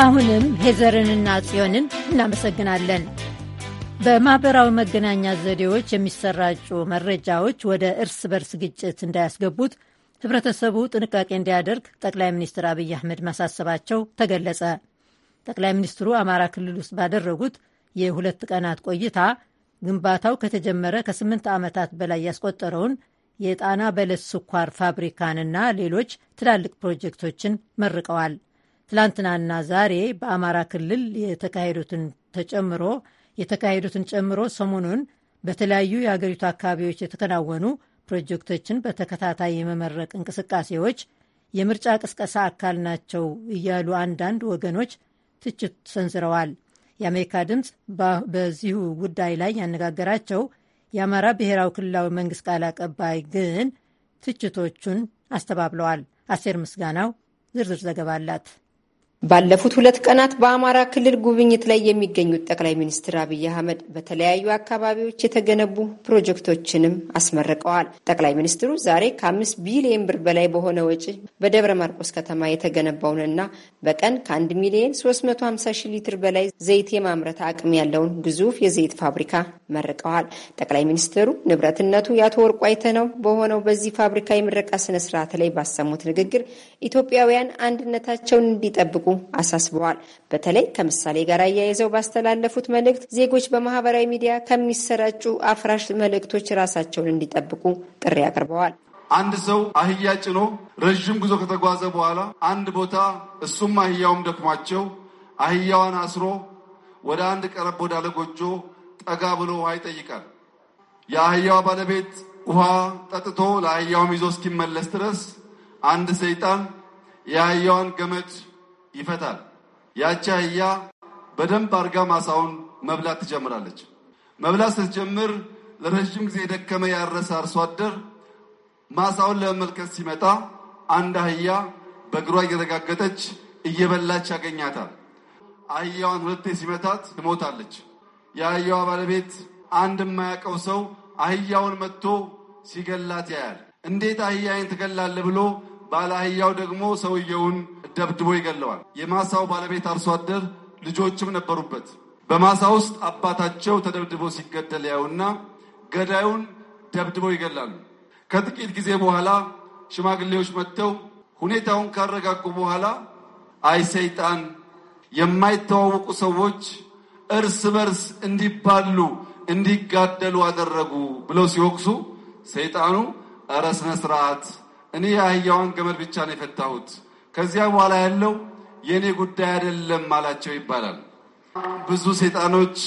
አሁንም ሄዘርንና ጽዮንን እናመሰግናለን። በማኅበራዊ መገናኛ ዘዴዎች የሚሰራጩ መረጃዎች ወደ እርስ በርስ ግጭት እንዳያስገቡት ህብረተሰቡ ጥንቃቄ እንዲያደርግ ጠቅላይ ሚኒስትር አብይ አህመድ ማሳሰባቸው ተገለጸ። ጠቅላይ ሚኒስትሩ አማራ ክልል ውስጥ ባደረጉት የሁለት ቀናት ቆይታ ግንባታው ከተጀመረ ከስምንት ዓመታት በላይ ያስቆጠረውን የጣና በለስ ስኳር ፋብሪካንና ሌሎች ትላልቅ ፕሮጀክቶችን መርቀዋል። ትላንትናና ዛሬ በአማራ ክልል የተካሄዱትን ተጨምሮ የተካሄዱትን ጨምሮ ሰሞኑን በተለያዩ የአገሪቱ አካባቢዎች የተከናወኑ ፕሮጀክቶችን በተከታታይ የመመረቅ እንቅስቃሴዎች የምርጫ ቅስቀሳ አካል ናቸው እያሉ አንዳንድ ወገኖች ትችት ሰንዝረዋል። የአሜሪካ ድምፅ በዚሁ ጉዳይ ላይ ያነጋገራቸው የአማራ ብሔራዊ ክልላዊ መንግስት ቃል አቀባይ ግን ትችቶቹን አስተባብለዋል። አሴር ምስጋናው ዝርዝር ዘገባ አላት። ባለፉት ሁለት ቀናት በአማራ ክልል ጉብኝት ላይ የሚገኙት ጠቅላይ ሚኒስትር አብይ አህመድ በተለያዩ አካባቢዎች የተገነቡ ፕሮጀክቶችንም አስመርቀዋል። ጠቅላይ ሚኒስትሩ ዛሬ ከአምስት ቢሊየን ብር በላይ በሆነ ወጪ በደብረ ማርቆስ ከተማ የተገነባውንና በቀን ከአንድ ሚሊየን 350 ሺህ ሊትር በላይ ዘይት የማምረት አቅም ያለውን ግዙፍ የዘይት ፋብሪካ መርቀዋል። ጠቅላይ ሚኒስትሩ ንብረትነቱ የአቶ ወርቁ አይተነው በሆነው በዚህ ፋብሪካ የምረቃ ስነስርዓት ላይ ባሰሙት ንግግር ኢትዮጵያውያን አንድነታቸውን እንዲጠብቁ እንዲያደርጉ አሳስበዋል። በተለይ ከምሳሌ ጋር አያይዘው ባስተላለፉት መልእክት ዜጎች በማህበራዊ ሚዲያ ከሚሰራጩ አፍራሽ መልእክቶች ራሳቸውን እንዲጠብቁ ጥሪ አቅርበዋል። አንድ ሰው አህያ ጭኖ ረዥም ጉዞ ከተጓዘ በኋላ አንድ ቦታ እሱም አህያውም ደክሟቸው አህያዋን አስሮ ወደ አንድ ቀረብ ወዳለ ጎጆ ጠጋ ብሎ ውሃ ይጠይቃል። የአህያዋ ባለቤት ውሃ ጠጥቶ ለአህያውም ይዞ እስኪመለስ ድረስ አንድ ሰይጣን የአህያዋን ገመድ ይፈታል። ያቺ አህያ በደንብ አድርጋ ማሳውን መብላት ትጀምራለች። መብላት ስትጀምር ለረዥም ጊዜ የደከመ ያረሰ አርሶ አደር ማሳውን ለመመልከት ሲመጣ አንድ አህያ በእግሯ እየረጋገጠች እየበላች ያገኛታል። አህያዋን ሁለቴ ሲመታት ትሞታለች። የአህያዋ ባለቤት አንድ የማያውቀው ሰው አህያውን መጥቶ ሲገላት ያያል። እንዴት አህያዬን ትገላለህ ብሎ ባለ አህያው ደግሞ ሰውየውን ደብድቦ ይገለዋል። የማሳው ባለቤት አርሶ አደር ልጆችም ነበሩበት። በማሳ ውስጥ አባታቸው ተደብድቦ ሲገደል ያዩና ገዳዩን ደብድበው ይገላሉ። ከጥቂት ጊዜ በኋላ ሽማግሌዎች መጥተው ሁኔታውን ካረጋጉ በኋላ አይ ሰይጣን፣ የማይተዋወቁ ሰዎች እርስ በርስ እንዲባሉ እንዲጋደሉ አደረጉ ብለው ሲወቅሱ ሰይጣኑ እረ ስነ ስርዓት፣ እኔ የአህያዋን ገመድ ብቻ ነው የፈታሁት ከዚያ በኋላ ያለው የእኔ ጉዳይ አይደለም አላቸው ይባላል። ብዙ ሰይጣኖች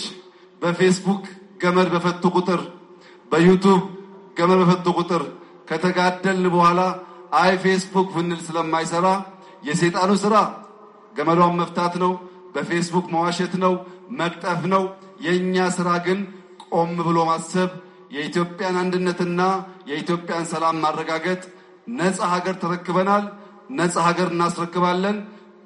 በፌስቡክ ገመድ በፈቱ ቁጥር፣ በዩቱብ ገመድ በፈቱ ቁጥር ከተጋደል በኋላ አይ ፌስቡክ ብንል ስለማይሰራ የሰይጣኑ ስራ ገመዷን መፍታት ነው፣ በፌስቡክ መዋሸት ነው፣ መቅጠፍ ነው። የእኛ ስራ ግን ቆም ብሎ ማሰብ፣ የኢትዮጵያን አንድነትና የኢትዮጵያን ሰላም ማረጋገጥ። ነፃ ሀገር ተረክበናል። ነፃ ሀገር እናስረክባለን።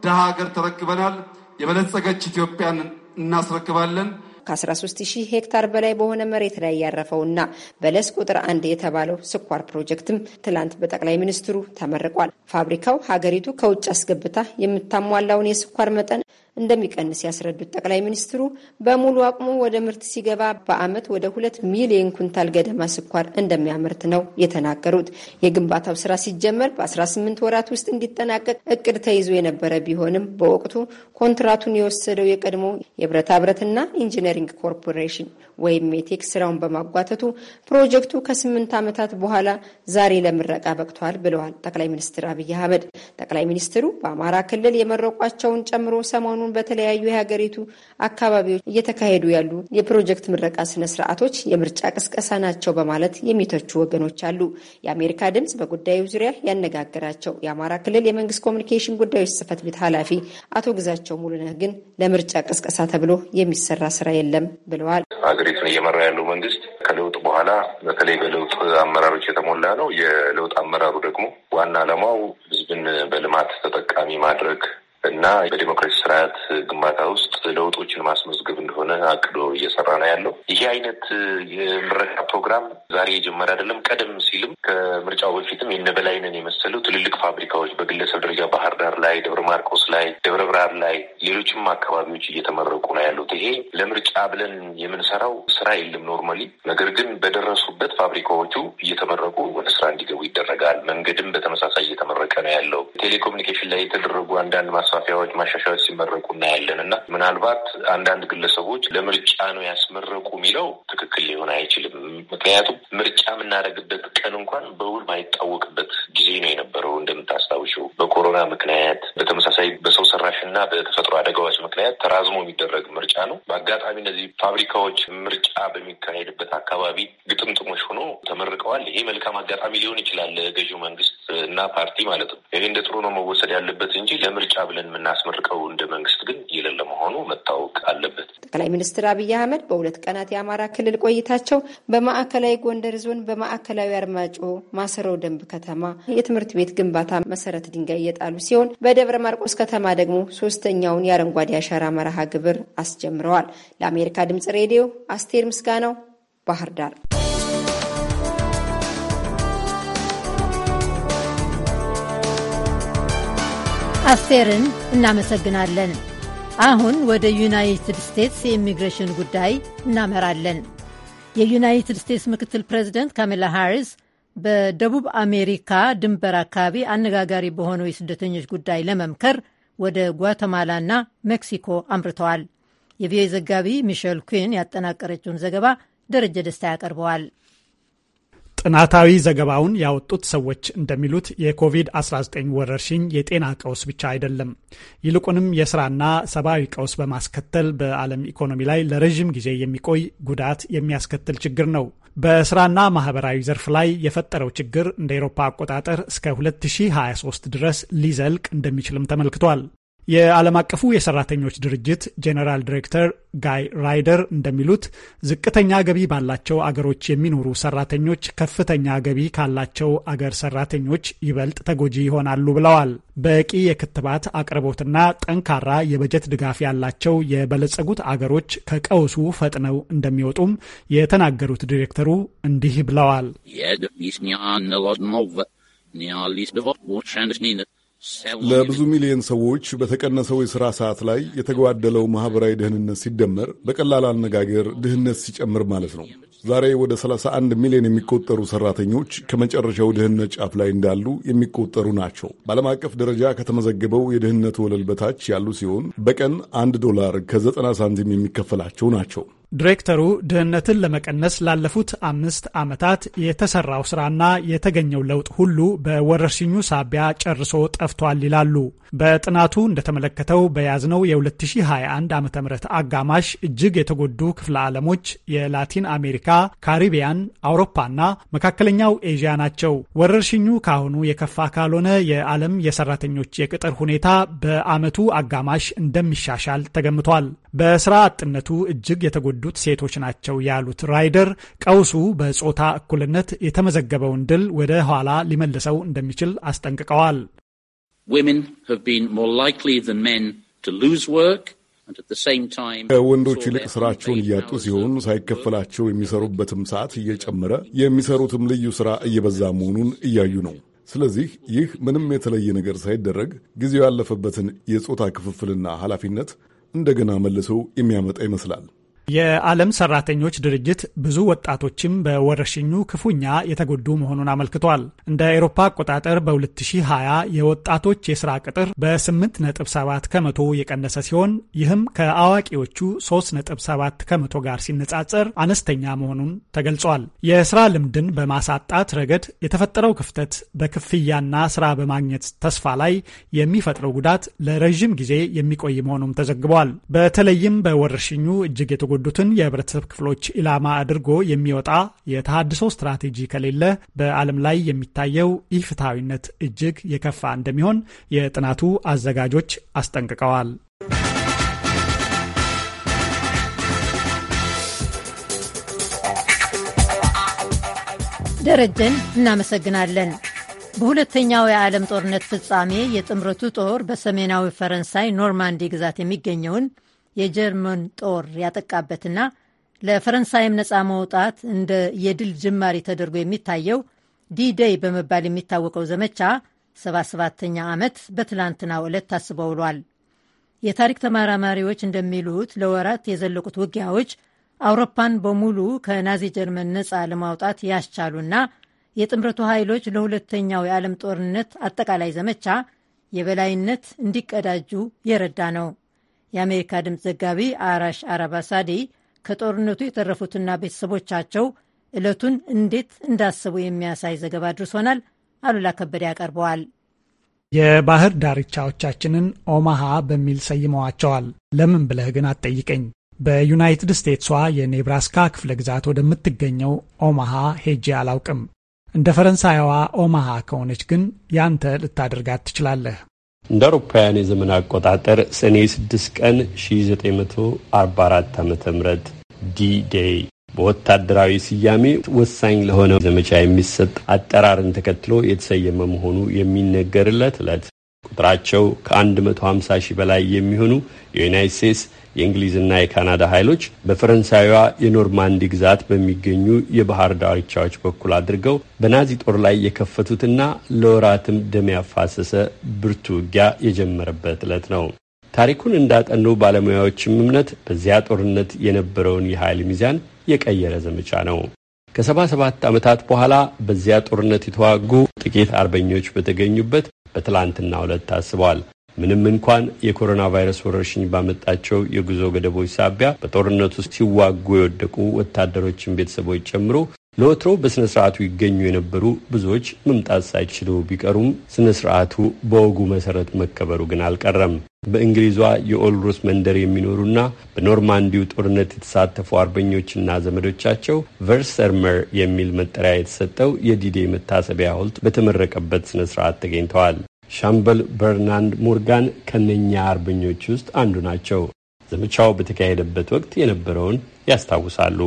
ድሃ ሀገር ተረክበናል። የበለጸገች ኢትዮጵያን እናስረክባለን። ከ13000 ሄክታር በላይ በሆነ መሬት ላይ ያረፈውና በለስ ቁጥር አንድ የተባለው ስኳር ፕሮጀክትም ትላንት በጠቅላይ ሚኒስትሩ ተመርቋል። ፋብሪካው ሀገሪቱ ከውጭ አስገብታ የምታሟላውን የስኳር መጠን እንደሚቀንስ ያስረዱት ጠቅላይ ሚኒስትሩ በሙሉ አቅሙ ወደ ምርት ሲገባ በዓመት ወደ ሁለት ሚሊዮን ኩንታል ገደማ ስኳር እንደሚያመርት ነው የተናገሩት። የግንባታው ስራ ሲጀመር በ18 ወራት ውስጥ እንዲጠናቀቅ እቅድ ተይዞ የነበረ ቢሆንም በወቅቱ ኮንትራቱን የወሰደው የቀድሞ የብረታ ብረትና ኢንጂነሪንግ ኮርፖሬሽን ወይም የቴክ ስራውን በማጓተቱ ፕሮጀክቱ ከስምንት ዓመታት በኋላ ዛሬ ለምረቃ በቅቷል ብለዋል ጠቅላይ ሚኒስትር አብይ አህመድ። ጠቅላይ ሚኒስትሩ በአማራ ክልል የመረቋቸውን ጨምሮ ሰሞኑን በተለያዩ የሀገሪቱ አካባቢዎች እየተካሄዱ ያሉ የፕሮጀክት ምረቃ ስነ ስርዓቶች የምርጫ ቅስቀሳ ናቸው በማለት የሚተቹ ወገኖች አሉ። የአሜሪካ ድምፅ በጉዳዩ ዙሪያ ያነጋገራቸው የአማራ ክልል የመንግስት ኮሚኒኬሽን ጉዳዮች ጽህፈት ቤት ኃላፊ አቶ ግዛቸው ሙሉነህ ግን ለምርጫ ቅስቀሳ ተብሎ የሚሰራ ስራ የለም ብለዋል። ሀገሪቱን እየመራ ያለው መንግስት ከለውጥ በኋላ በተለይ በለውጥ አመራሮች የተሞላ ነው። የለውጥ አመራሩ ደግሞ ዋና አላማው ህዝብን በልማት ተጠቃሚ ማድረግ እና በዲሞክራሲ ስርዓት ግንባታ ውስጥ ለውጦችን ማስመዝገብ እንደሆነ አቅዶ እየሰራ ነው ያለው። ይሄ አይነት የምረቃ ፕሮግራም ዛሬ የጀመረ አይደለም። ቀደም ሲልም ከምርጫው በፊትም የነበላይነን የመሰሉ ትልልቅ ፋብሪካዎች በግለሰብ ደረጃ ባህር ዳር ላይ፣ ደብረ ማርቆስ ላይ፣ ደብረ ብርሃን ላይ፣ ሌሎችም አካባቢዎች እየተመረቁ ነው ያሉት። ይሄ ለምርጫ ብለን የምንሰራው ስራ የለም ኖርማሊ። ነገር ግን በደረሱበት ፋብሪካዎቹ እየተመረቁ ወደ ስራ እንዲገቡ ይደረጋል። መንገድም በተመሳሳይ እየተመረቀ ነው ያለው። ቴሌኮሙኒኬሽን ላይ የተደረጉ አንዳንድ ማስ ማስፋፊያዎች፣ ማሻሻያዎች ሲመረቁ እናያለን እና ምናልባት አንዳንድ ግለሰቦች ለምርጫ ነው ያስመረቁ የሚለው ትክክል ሊሆን አይችልም። ምክንያቱም ምርጫ የምናደርግበት ቀን እንኳን በውል ማይታወቅበት ጊዜ ነው የነበረው። እንደምታስታውሽው በኮሮና ምክንያት በተመሳሳይ በሰው ሰራሽና በተፈጥሮ አደጋዎች ምክንያት ተራዝሞ የሚደረግ ምርጫ ነው። በአጋጣሚ እነዚህ ፋብሪካዎች ምርጫ በሚካሄድበት አካባቢ ግጥምጥሞች ሆኖ ተመርቀዋል። ይሄ መልካም አጋጣሚ ሊሆን ይችላል ለገዢው መንግስት እና ፓርቲ ማለት ነው። ይሄ እንደ ጥሩ ነው መወሰድ ያለበት እንጂ ለምርጫ ብለን ያንን የምናስመርቀው እንደ መንግስት ግን የሌለ መሆኑ መታወቅ አለበት። ጠቅላይ ሚኒስትር አብይ አህመድ በሁለት ቀናት የአማራ ክልል ቆይታቸው በማዕከላዊ ጎንደር ዞን በማዕከላዊ አርማጮ ማሰሮ ደንብ ከተማ የትምህርት ቤት ግንባታ መሰረት ድንጋይ እየጣሉ ሲሆን በደብረ ማርቆስ ከተማ ደግሞ ሶስተኛውን የአረንጓዴ አሻራ መርሃ ግብር አስጀምረዋል። ለአሜሪካ ድምጽ ሬዲዮ አስቴር ምስጋናው ባህር ዳር አስቴርን እናመሰግናለን። አሁን ወደ ዩናይትድ ስቴትስ የኢሚግሬሽን ጉዳይ እናመራለን። የዩናይትድ ስቴትስ ምክትል ፕሬዚደንት ካሜላ ሃሪስ በደቡብ አሜሪካ ድንበር አካባቢ አነጋጋሪ በሆነው የስደተኞች ጉዳይ ለመምከር ወደ ጓተማላና ሜክሲኮ አምርተዋል። የቪኦኤ ዘጋቢ ሚሸል ኩን ያጠናቀረችውን ዘገባ ደረጀ ደስታ ያቀርበዋል። ጥናታዊ ዘገባውን ያወጡት ሰዎች እንደሚሉት የኮቪድ-19 ወረርሽኝ የጤና ቀውስ ብቻ አይደለም። ይልቁንም የስራና ሰብአዊ ቀውስ በማስከተል በዓለም ኢኮኖሚ ላይ ለረዥም ጊዜ የሚቆይ ጉዳት የሚያስከትል ችግር ነው። በስራና ማህበራዊ ዘርፍ ላይ የፈጠረው ችግር እንደ ኤሮፓ አቆጣጠር እስከ 2023 ድረስ ሊዘልቅ እንደሚችልም ተመልክቷል። የዓለም አቀፉ የሰራተኞች ድርጅት ጄኔራል ዲሬክተር ጋይ ራይደር እንደሚሉት ዝቅተኛ ገቢ ባላቸው አገሮች የሚኖሩ ሰራተኞች ከፍተኛ ገቢ ካላቸው አገር ሰራተኞች ይበልጥ ተጎጂ ይሆናሉ ብለዋል። በቂ የክትባት አቅርቦትና ጠንካራ የበጀት ድጋፍ ያላቸው የበለጸጉት አገሮች ከቀውሱ ፈጥነው እንደሚወጡም የተናገሩት ዲሬክተሩ እንዲህ ብለዋል። ለብዙ ሚሊዮን ሰዎች በተቀነሰው የሥራ ሰዓት ላይ የተጓደለው ማኅበራዊ ደህንነት ሲደመር በቀላል አነጋገር ድህነት ሲጨምር ማለት ነው። ዛሬ ወደ 31 ሚሊዮን የሚቆጠሩ ሰራተኞች ከመጨረሻው ድህነት ጫፍ ላይ እንዳሉ የሚቆጠሩ ናቸው። በዓለም አቀፍ ደረጃ ከተመዘገበው የድህነት ወለል በታች ያሉ ሲሆን በቀን አንድ ዶላር ከ90 ሳንቲም የሚከፈላቸው ናቸው። ዲሬክተሩ ድህነትን ለመቀነስ ላለፉት አምስት ዓመታት የተሰራው ስራና የተገኘው ለውጥ ሁሉ በወረርሽኙ ሳቢያ ጨርሶ ጠፍቷል ይላሉ። በጥናቱ እንደተመለከተው በያዝነው የ2021 ዓ ም አጋማሽ እጅግ የተጎዱ ክፍለ ዓለሞች የላቲን አሜሪካ፣ ካሪቢያን፣ አውሮፓና መካከለኛው ኤዥያ ናቸው። ወረርሽኙ ካሁኑ የከፋ ካልሆነ የዓለም የሰራተኞች የቅጥር ሁኔታ በዓመቱ አጋማሽ እንደሚሻሻል ተገምቷል። በስራ አጥነቱ እጅግ የተጎዱት ሴቶች ናቸው ያሉት ራይደር ቀውሱ በጾታ እኩልነት የተመዘገበውን ድል ወደ ኋላ ሊመልሰው እንደሚችል አስጠንቅቀዋል። ከወንዶች ይልቅ ስራቸውን እያጡ ሲሆን ሳይከፈላቸው የሚሰሩበትም ሰዓት እየጨመረ የሚሰሩትም ልዩ ስራ እየበዛ መሆኑን እያዩ ነው። ስለዚህ ይህ ምንም የተለየ ነገር ሳይደረግ ጊዜው ያለፈበትን የጾታ ክፍፍልና ኃላፊነት እንደገና መልሰው የሚያመጣ ይመስላል። የዓለም ሰራተኞች ድርጅት ብዙ ወጣቶችም በወረርሽኙ ክፉኛ የተጎዱ መሆኑን አመልክቷል። እንደ አውሮፓ አቆጣጠር በ2020 የወጣቶች የስራ ቅጥር በ8.7 ከመቶ የቀነሰ ሲሆን ይህም ከአዋቂዎቹ 3.7 ከመቶ ጋር ሲነጻጸር አነስተኛ መሆኑን ተገልጿል። የሥራ ልምድን በማሳጣት ረገድ የተፈጠረው ክፍተት በክፍያና ስራ በማግኘት ተስፋ ላይ የሚፈጥረው ጉዳት ለረዥም ጊዜ የሚቆይ መሆኑም ተዘግቧል። በተለይም በወረርሽኙ እጅግ የተጎ የተጎዱትን የህብረተሰብ ክፍሎች ኢላማ አድርጎ የሚወጣ የተሃድሶ ስትራቴጂ ከሌለ በዓለም ላይ የሚታየው ይህ እጅግ የከፋ እንደሚሆን የጥናቱ አዘጋጆች አስጠንቅቀዋል። ደረጀን እናመሰግናለን። በሁለተኛው የዓለም ጦርነት ፍጻሜ የጥምረቱ ጦር በሰሜናዊ ፈረንሳይ ኖርማንዲ ግዛት የሚገኘውን የጀርመን ጦር ያጠቃበትና ለፈረንሳይም ነፃ መውጣት እንደ የድል ጅማሬ ተደርጎ የሚታየው ዲደይ በመባል የሚታወቀው ዘመቻ 77ኛ ዓመት በትላንትናው ዕለት ታስቦ ውሏል። የታሪክ ተመራማሪዎች እንደሚሉት ለወራት የዘለቁት ውጊያዎች አውሮፓን በሙሉ ከናዚ ጀርመን ነፃ ለማውጣት ያስቻሉና የጥምረቱ ኃይሎች ለሁለተኛው የዓለም ጦርነት አጠቃላይ ዘመቻ የበላይነት እንዲቀዳጁ የረዳ ነው። የአሜሪካ ድምፅ ዘጋቢ አራሽ ሳዴ ከጦርነቱ የተረፉትና ቤተሰቦቻቸው ዕለቱን እንዴት እንዳሰቡ የሚያሳይ ዘገባ አድርሶናል። አሉላ ከበደ ያቀርበዋል። የባህር ዳርቻዎቻችንን ኦማሃ በሚል ሰይመዋቸዋል። ለምን ብለህ ግን አትጠይቀኝ። በዩናይትድ ስቴትሷ የኔብራስካ ክፍለ ግዛት ወደምትገኘው ኦማሃ ሄጄ አላውቅም። እንደ ፈረንሳይዋ ኦማሃ ከሆነች ግን ያንተ ልታደርጋት ትችላለህ። እንደ አውሮፓውያን የዘመን አቆጣጠር ሰኔ 6 ቀን 1944 ዓ ም ዲ ዴይ በወታደራዊ ስያሜ ወሳኝ ለሆነ ዘመቻ የሚሰጥ አጠራርን ተከትሎ የተሰየመ መሆኑ የሚነገርለት ዕለት ቁጥራቸው ከ150 ሺህ በላይ የሚሆኑ የዩናይት ስቴትስ የእንግሊዝና የካናዳ ኃይሎች በፈረንሳይዋ የኖርማንዲ ግዛት በሚገኙ የባህር ዳርቻዎች በኩል አድርገው በናዚ ጦር ላይ የከፈቱትና ለወራትም ደም ያፋሰሰ ብርቱ ውጊያ የጀመረበት ዕለት ነው። ታሪኩን እንዳጠኑ ባለሙያዎችም እምነት በዚያ ጦርነት የነበረውን የኃይል ሚዛን የቀየረ ዘመቻ ነው። ከሰባ ሰባት ዓመታት በኋላ በዚያ ጦርነት የተዋጉ ጥቂት አርበኞች በተገኙበት በትላንትና ዕለት ታስበዋል። ምንም እንኳን የኮሮና ቫይረስ ወረርሽኝ ባመጣቸው የጉዞ ገደቦች ሳቢያ በጦርነቱ ሲዋጉ የወደቁ ወታደሮችን ቤተሰቦች ጨምሮ ለወትሮ በሥነ ሥርዓቱ ይገኙ የነበሩ ብዙዎች መምጣት ሳይችሉ ቢቀሩም ሥነ ሥርዓቱ በወጉ መሠረት መከበሩ ግን አልቀረም። በእንግሊዟ የኦልሮስ መንደር የሚኖሩና በኖርማንዲው ጦርነት የተሳተፉ አርበኞችና ዘመዶቻቸው ቨርሰርመር የሚል መጠሪያ የተሰጠው የዲዴ መታሰቢያ ሐውልት በተመረቀበት ሥነ ሥርዓት ተገኝተዋል። ሻምበል በርናንድ ሞርጋን ከነኛ አርበኞች ውስጥ አንዱ ናቸው። ዘመቻው በተካሄደበት ወቅት የነበረውን ያስታውሳሉ።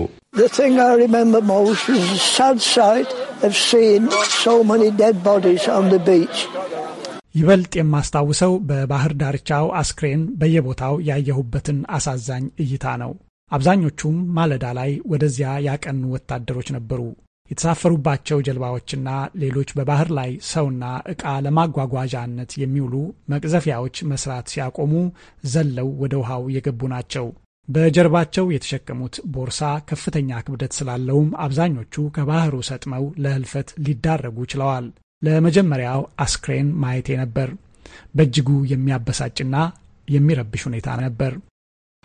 ይበልጥ የማስታውሰው በባህር ዳርቻው አስክሬን በየቦታው ያየሁበትን አሳዛኝ እይታ ነው። አብዛኞቹም ማለዳ ላይ ወደዚያ ያቀኑ ወታደሮች ነበሩ። የተሳፈሩባቸው ጀልባዎችና ሌሎች በባህር ላይ ሰውና ዕቃ ለማጓጓዣነት የሚውሉ መቅዘፊያዎች መስራት ሲያቆሙ ዘለው ወደ ውሃው የገቡ ናቸው። በጀርባቸው የተሸከሙት ቦርሳ ከፍተኛ ክብደት ስላለውም አብዛኞቹ ከባህሩ ሰጥመው ለህልፈት ሊዳረጉ ችለዋል። ለመጀመሪያው አስክሬን ማየቴ ነበር። በእጅጉ የሚያበሳጭና የሚረብሽ ሁኔታ ነበር።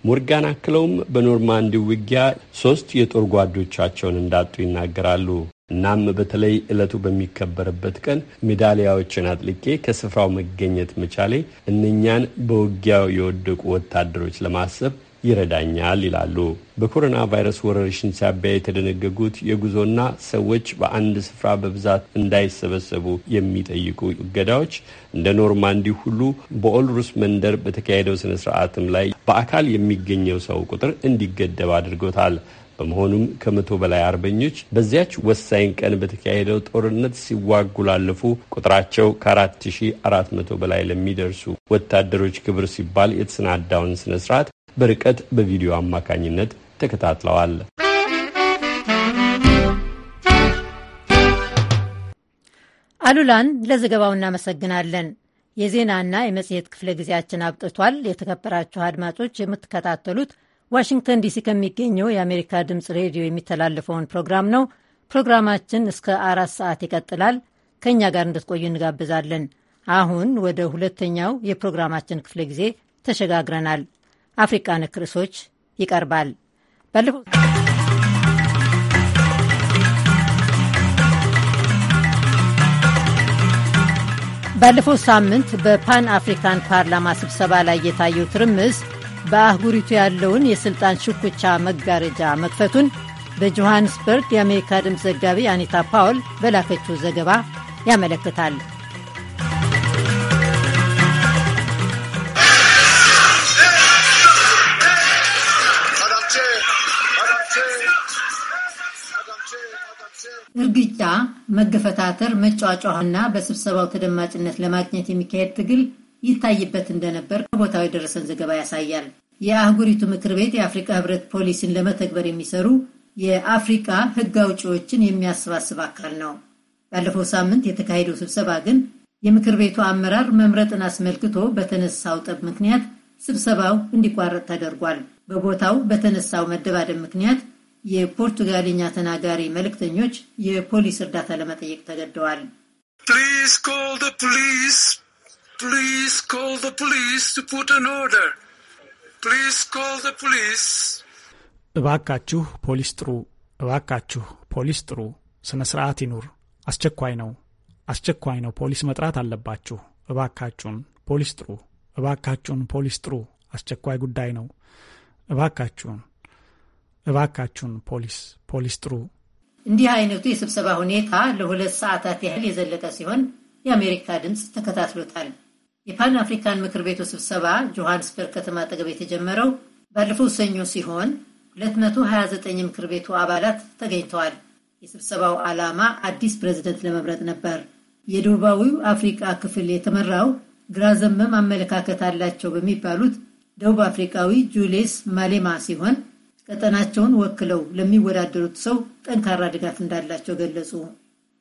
ሞርጋን አክለውም በኖርማንዲ ውጊያ ሶስት የጦር ጓዶቻቸውን እንዳጡ ይናገራሉ። እናም በተለይ ዕለቱ በሚከበርበት ቀን ሜዳሊያዎችን አጥልቄ ከስፍራው መገኘት መቻሌ እነኛን በውጊያው የወደቁ ወታደሮች ለማሰብ ይረዳኛል ይላሉ። በኮሮና ቫይረስ ወረርሽኝ ሳቢያ የተደነገጉት የጉዞና ሰዎች በአንድ ስፍራ በብዛት እንዳይሰበሰቡ የሚጠይቁ እገዳዎች እንደ ኖርማንዲ ሁሉ በኦልሩስ መንደር በተካሄደው ስነ ስርዓትም ላይ በአካል የሚገኘው ሰው ቁጥር እንዲገደብ አድርጎታል። በመሆኑም ከመቶ በላይ አርበኞች በዚያች ወሳኝ ቀን በተካሄደው ጦርነት ሲዋጉ ላለፉ ቁጥራቸው ከአራት ሺ አራት መቶ በላይ ለሚደርሱ ወታደሮች ክብር ሲባል የተሰናዳውን ስነ ስርዓት በርቀት በቪዲዮ አማካኝነት ተከታትለዋል። አሉላን ለዘገባው እናመሰግናለን። የዜናና የመጽሔት ክፍለ ጊዜያችን አብቅቷል። የተከበራችሁ አድማጮች የምትከታተሉት ዋሽንግተን ዲሲ ከሚገኘው የአሜሪካ ድምፅ ሬዲዮ የሚተላለፈውን ፕሮግራም ነው። ፕሮግራማችን እስከ አራት ሰዓት ይቀጥላል። ከእኛ ጋር እንድትቆዩ እንጋብዛለን። አሁን ወደ ሁለተኛው የፕሮግራማችን ክፍለ ጊዜ ተሸጋግረናል። አፍሪቃ ነክ ርዕሶች ይቀርባል። ባለፈው ሳምንት በፓን አፍሪካን ፓርላማ ስብሰባ ላይ የታየው ትርምስ በአህጉሪቱ ያለውን የሥልጣን ሽኩቻ መጋረጃ መክፈቱን በጆሃንስበርግ የአሜሪካ ድምፅ ዘጋቢ አኒታ ፓውል በላከችው ዘገባ ያመለክታል። እርግጫ፣ መገፈታተር፣ መጫጫዋና በስብሰባው ተደማጭነት ለማግኘት የሚካሄድ ትግል ይታይበት እንደነበር ከቦታው የደረሰን ዘገባ ያሳያል። የአህጉሪቱ ምክር ቤት የአፍሪካ ህብረት ፖሊሲን ለመተግበር የሚሰሩ የአፍሪካ ህግ አውጪዎችን የሚያሰባስብ አካል ነው። ባለፈው ሳምንት የተካሄደው ስብሰባ ግን የምክር ቤቱ አመራር መምረጥን አስመልክቶ በተነሳው ጠብ ምክንያት ስብሰባው እንዲቋረጥ ተደርጓል። በቦታው በተነሳው መደባደብ ምክንያት የፖርቱጋልኛ ተናጋሪ መልእክተኞች የፖሊስ እርዳታ ለመጠየቅ ተገደዋል። እባካችሁ ፖሊስ ጥሩ፣ እባካችሁ ፖሊስ ጥሩ። ስነ ስርዓት ይኑር። አስቸኳይ ነው፣ አስቸኳይ ነው። ፖሊስ መጥራት አለባችሁ። እባካችሁን ፖሊስ ጥሩ፣ እባካችሁን ፖሊስ ጥሩ። አስቸኳይ ጉዳይ ነው። እባካችሁን እባካችሁን ፖሊስ ፖሊስ ጥሩ። እንዲህ አይነቱ የስብሰባ ሁኔታ ለሁለት ሰዓታት ያህል የዘለቀ ሲሆን የአሜሪካ ድምፅ ተከታትሎታል። የፓን አፍሪካን ምክር ቤቱ ስብሰባ ጆሃንስበርግ ከተማ አጠገብ የተጀመረው ባለፈው ሰኞ ሲሆን 229 ምክር ቤቱ አባላት ተገኝተዋል። የስብሰባው ዓላማ አዲስ ፕሬዝደንት ለመምረጥ ነበር። የደቡባዊው አፍሪካ ክፍል የተመራው ግራ ዘመም አመለካከት አላቸው በሚባሉት ደቡብ አፍሪካዊ ጁሌስ ማሌማ ሲሆን ቀጠናቸውን ወክለው ለሚወዳደሩት ሰው ጠንካራ ድጋፍ እንዳላቸው ገለጹ።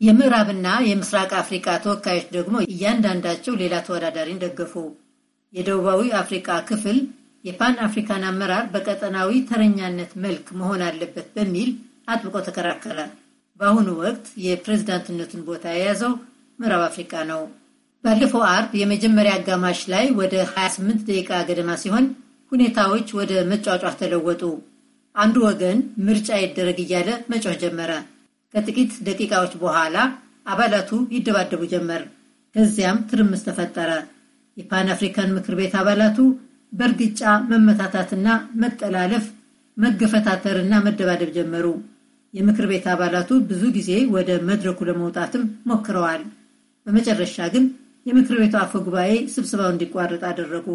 የምዕራብና የምስራቅ አፍሪቃ ተወካዮች ደግሞ እያንዳንዳቸው ሌላ ተወዳዳሪን ደገፉ። የደቡባዊ አፍሪቃ ክፍል የፓን አፍሪካን አመራር በቀጠናዊ ተረኛነት መልክ መሆን አለበት በሚል አጥብቆ ተከራከረ። በአሁኑ ወቅት የፕሬዝዳንትነቱን ቦታ የያዘው ምዕራብ አፍሪካ ነው። ባለፈው አርብ የመጀመሪያ አጋማሽ ላይ ወደ 28 ደቂቃ ገደማ ሲሆን ሁኔታዎች ወደ መጫጫህ ተለወጡ። አንዱ ወገን ምርጫ ይደረግ እያለ መጮህ ጀመረ። ከጥቂት ደቂቃዎች በኋላ አባላቱ ይደባደቡ ጀመር። ከዚያም ትርምስ ተፈጠረ። የፓን አፍሪካን ምክር ቤት አባላቱ በእርግጫ መመታታትና መጠላለፍ፣ መገፈታተርና መደባደብ ጀመሩ። የምክር ቤት አባላቱ ብዙ ጊዜ ወደ መድረኩ ለመውጣትም ሞክረዋል። በመጨረሻ ግን የምክር ቤቱ አፈ ጉባኤ ስብሰባው እንዲቋረጥ አደረጉ።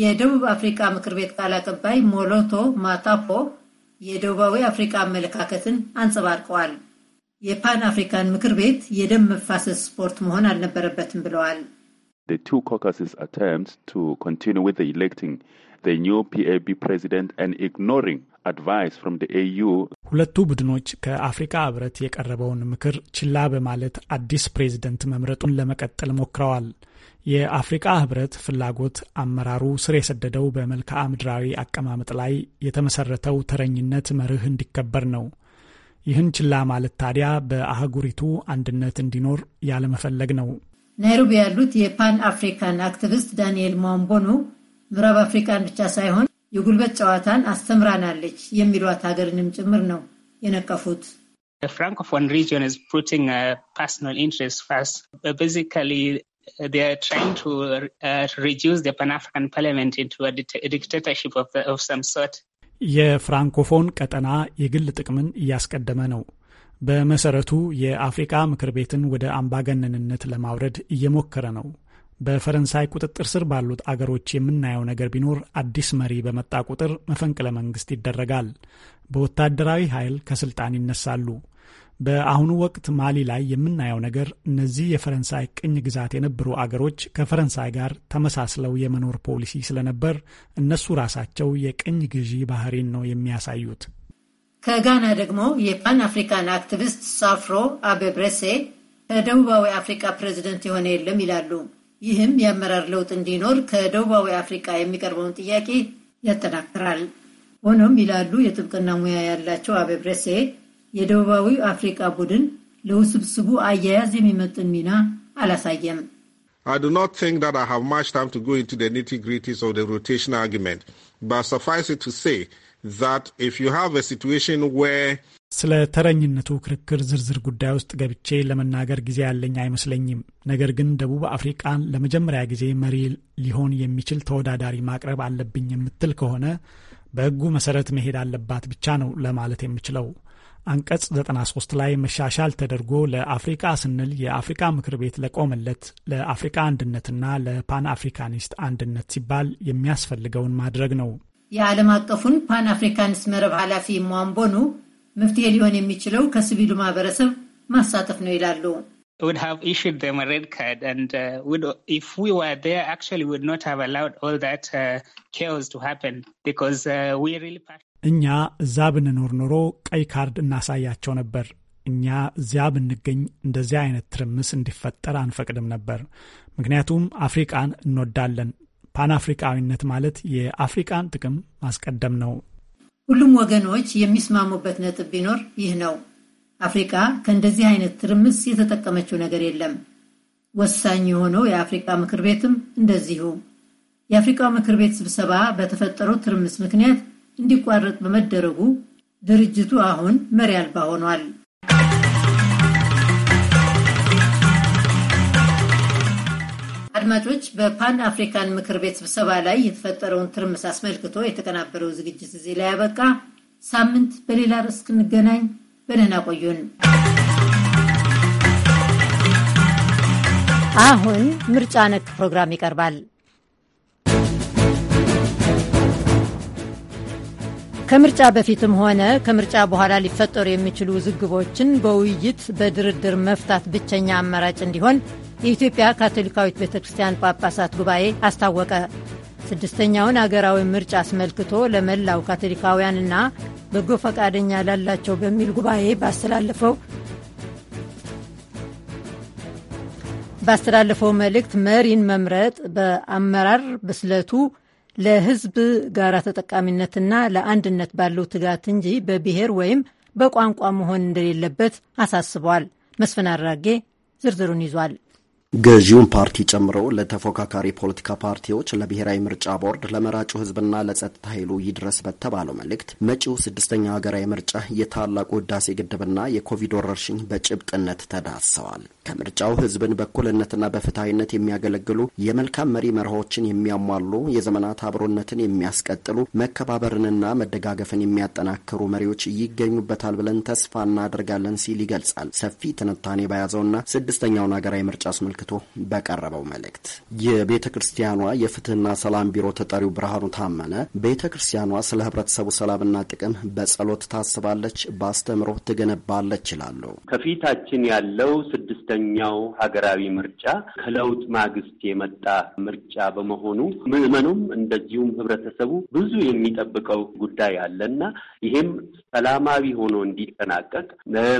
የደቡብ አፍሪካ ምክር ቤት ቃል አቀባይ ሞሎቶ ማታፖ የደቡባዊ አፍሪካ አመለካከትን አንጸባርቀዋል። የፓን አፍሪካን ምክር ቤት የደም መፋሰስ ስፖርት መሆን አልነበረበትም ብለዋል። ፒኤቢ ፕሬዚደንት ኢግኖሪንግ ሁለቱ ቡድኖች ከአፍሪካ ህብረት የቀረበውን ምክር ችላ በማለት አዲስ ፕሬዝደንት መምረጡን ለመቀጠል ሞክረዋል። የአፍሪቃ ህብረት ፍላጎት አመራሩ ስር የሰደደው በመልክዓ ምድራዊ አቀማመጥ ላይ የተመሰረተው ተረኝነት መርህ እንዲከበር ነው። ይህን ችላ ማለት ታዲያ በአህጉሪቱ አንድነት እንዲኖር ያለመፈለግ ነው። ናይሮቢ ያሉት የፓን አፍሪካን አክቲቪስት ዳንኤል ማምቦኑ ምዕራብ አፍሪካን ብቻ ሳይሆን የጉልበት ጨዋታን አስተምራናለች የሚሏት ሀገርንም ጭምር ነው የነቀፉት። ፍራንኮፎን ሪጅን ኢዝ ፑቲንግ ፐርሰናል ኢንትረስት ፈርስት ቤዚካሊ የፍራንኮፎን ቀጠና የግል ጥቅምን እያስቀደመ ነው። በመሰረቱ የአፍሪካ ምክር ቤትን ወደ አምባገነንነት ለማውረድ እየሞከረ ነው። በፈረንሳይ ቁጥጥር ስር ባሉት አገሮች የምናየው ነገር ቢኖር አዲስ መሪ በመጣ ቁጥር መፈንቅለ መንግስት ይደረጋል፣ በወታደራዊ ኃይል ከስልጣን ይነሳሉ። በአሁኑ ወቅት ማሊ ላይ የምናየው ነገር እነዚህ የፈረንሳይ ቅኝ ግዛት የነበሩ አገሮች ከፈረንሳይ ጋር ተመሳስለው የመኖር ፖሊሲ ስለነበር እነሱ ራሳቸው የቅኝ ግዢ ባህሪን ነው የሚያሳዩት። ከጋና ደግሞ የፓን አፍሪካን አክቲቪስት ሳፍሮ አቤ ብሬሴ ከደቡባዊ አፍሪካ ፕሬዚደንት የሆነ የለም ይላሉ። ይህም የአመራር ለውጥ እንዲኖር ከደቡባዊ አፍሪቃ የሚቀርበውን ጥያቄ ያጠናክራል። ሆኖም ይላሉ የጥብቅና ሙያ ያላቸው አበብረሴ የደቡባዊ አፍሪቃ ቡድን ለውስብስቡ አያያዝ የሚመጥን ሚና አላሳየም። I do not think that I have much time to go into the nitty-gritties of the rotation argument, but suffice it to say that if you have a situation where ስለ ተረኝነቱ ክርክር ዝርዝር ጉዳይ ውስጥ ገብቼ ለመናገር ጊዜ ያለኝ አይመስለኝም። ነገር ግን ደቡብ አፍሪቃን ለመጀመሪያ ጊዜ መሪ ሊሆን የሚችል ተወዳዳሪ ማቅረብ አለብኝ የምትል ከሆነ በሕጉ መሰረት መሄድ አለባት ብቻ ነው ለማለት የምችለው። አንቀጽ 93 ላይ መሻሻል ተደርጎ ለአፍሪቃ ስንል የአፍሪቃ ምክር ቤት ለቆመለት ለአፍሪቃ አንድነትና ለፓን አፍሪካኒስት አንድነት ሲባል የሚያስፈልገውን ማድረግ ነው። የዓለም አቀፉን ፓን አፍሪካኒስት መረብ ኃላፊ ሟምቦኑ መፍትሄ ሊሆን የሚችለው ከሲቪሉ ማህበረሰብ ማሳተፍ ነው ይላሉ። እኛ እዛ ብንኖር ኖሮ ቀይ ካርድ እናሳያቸው ነበር። እኛ እዚያ ብንገኝ እንደዚያ አይነት ትርምስ እንዲፈጠር አንፈቅድም ነበር። ምክንያቱም አፍሪቃን እንወዳለን። ፓን ማለት የአፍሪቃን ጥቅም ማስቀደም ነው። ሁሉም ወገኖች የሚስማሙበት ነጥብ ቢኖር ይህ ነው። አፍሪካ ከእንደዚህ አይነት ትርምስ የተጠቀመችው ነገር የለም። ወሳኝ የሆነው የአፍሪቃ ምክር ቤትም እንደዚሁ። የአፍሪካ ምክር ቤት ስብሰባ በተፈጠረው ትርምስ ምክንያት እንዲቋረጥ በመደረጉ ድርጅቱ አሁን መሪ አልባ ሆኗል። አድማጮች፣ በፓን አፍሪካን ምክር ቤት ስብሰባ ላይ የተፈጠረውን ትርምስ አስመልክቶ የተቀናበረው ዝግጅት እዚህ ላይ ያበቃ። ሳምንት በሌላ ርዕስ እስክንገናኝ በደህና ቆዩን። አሁን ምርጫ ነክ ፕሮግራም ይቀርባል። ከምርጫ በፊትም ሆነ ከምርጫ በኋላ ሊፈጠሩ የሚችሉ ውዝግቦችን በውይይት በድርድር መፍታት ብቸኛ አማራጭ እንዲሆን የኢትዮጵያ ካቶሊካዊት ቤተ ክርስቲያን ጳጳሳት ጉባኤ አስታወቀ። ስድስተኛውን አገራዊ ምርጫ አስመልክቶ ለመላው ካቶሊካውያንና በጎ ፈቃደኛ ላላቸው በሚል ጉባኤ ባስተላለፈው ባስተላለፈው መልእክት መሪን መምረጥ በአመራር ብስለቱ ለሕዝብ ጋራ ተጠቃሚነትና ለአንድነት ባለው ትጋት እንጂ በብሔር ወይም በቋንቋ መሆን እንደሌለበት አሳስቧል። መስፍን አድራጌ ዝርዝሩን ይዟል። ገዢውን ፓርቲ ጨምሮ ለተፎካካሪ ፖለቲካ ፓርቲዎች፣ ለብሔራዊ ምርጫ ቦርድ፣ ለመራጩ ህዝብና ለጸጥታ ኃይሉ ይድረስ በተባለው መልእክት መጪው ስድስተኛ ሀገራዊ ምርጫ የታላቁ ህዳሴ ግድብና የኮቪድ ወረርሽኝ በጭብጥነት ተዳሰዋል። ከምርጫው ህዝብን በኩልነትና በፍትሐዊነት የሚያገለግሉ የመልካም መሪ መርሆችን የሚያሟሉ የዘመናት አብሮነትን የሚያስቀጥሉ መከባበርንና መደጋገፍን የሚያጠናክሩ መሪዎች ይገኙበታል ብለን ተስፋ እናደርጋለን ሲል ይገልጻል። ሰፊ ትንታኔ በያዘውና ስድስተኛውን ሀገራዊ ምርጫ አስመልክቶ በቀረበው መልእክት የቤተ ክርስቲያኗ የፍትህና ሰላም ቢሮ ተጠሪው ብርሃኑ ታመነ ቤተ ክርስቲያኗ ስለ ህብረተሰቡ ሰላምና ጥቅም በጸሎት ታስባለች፣ በአስተምሮ ትገነባለች ይላሉ። ከፊታችን ያለው ስድስተ ስድስተኛው ሀገራዊ ምርጫ ከለውጥ ማግስት የመጣ ምርጫ በመሆኑ ምዕመኑም እንደዚሁም ህብረተሰቡ ብዙ የሚጠብቀው ጉዳይ አለና ይሄም ሰላማዊ ሆኖ እንዲጠናቀቅ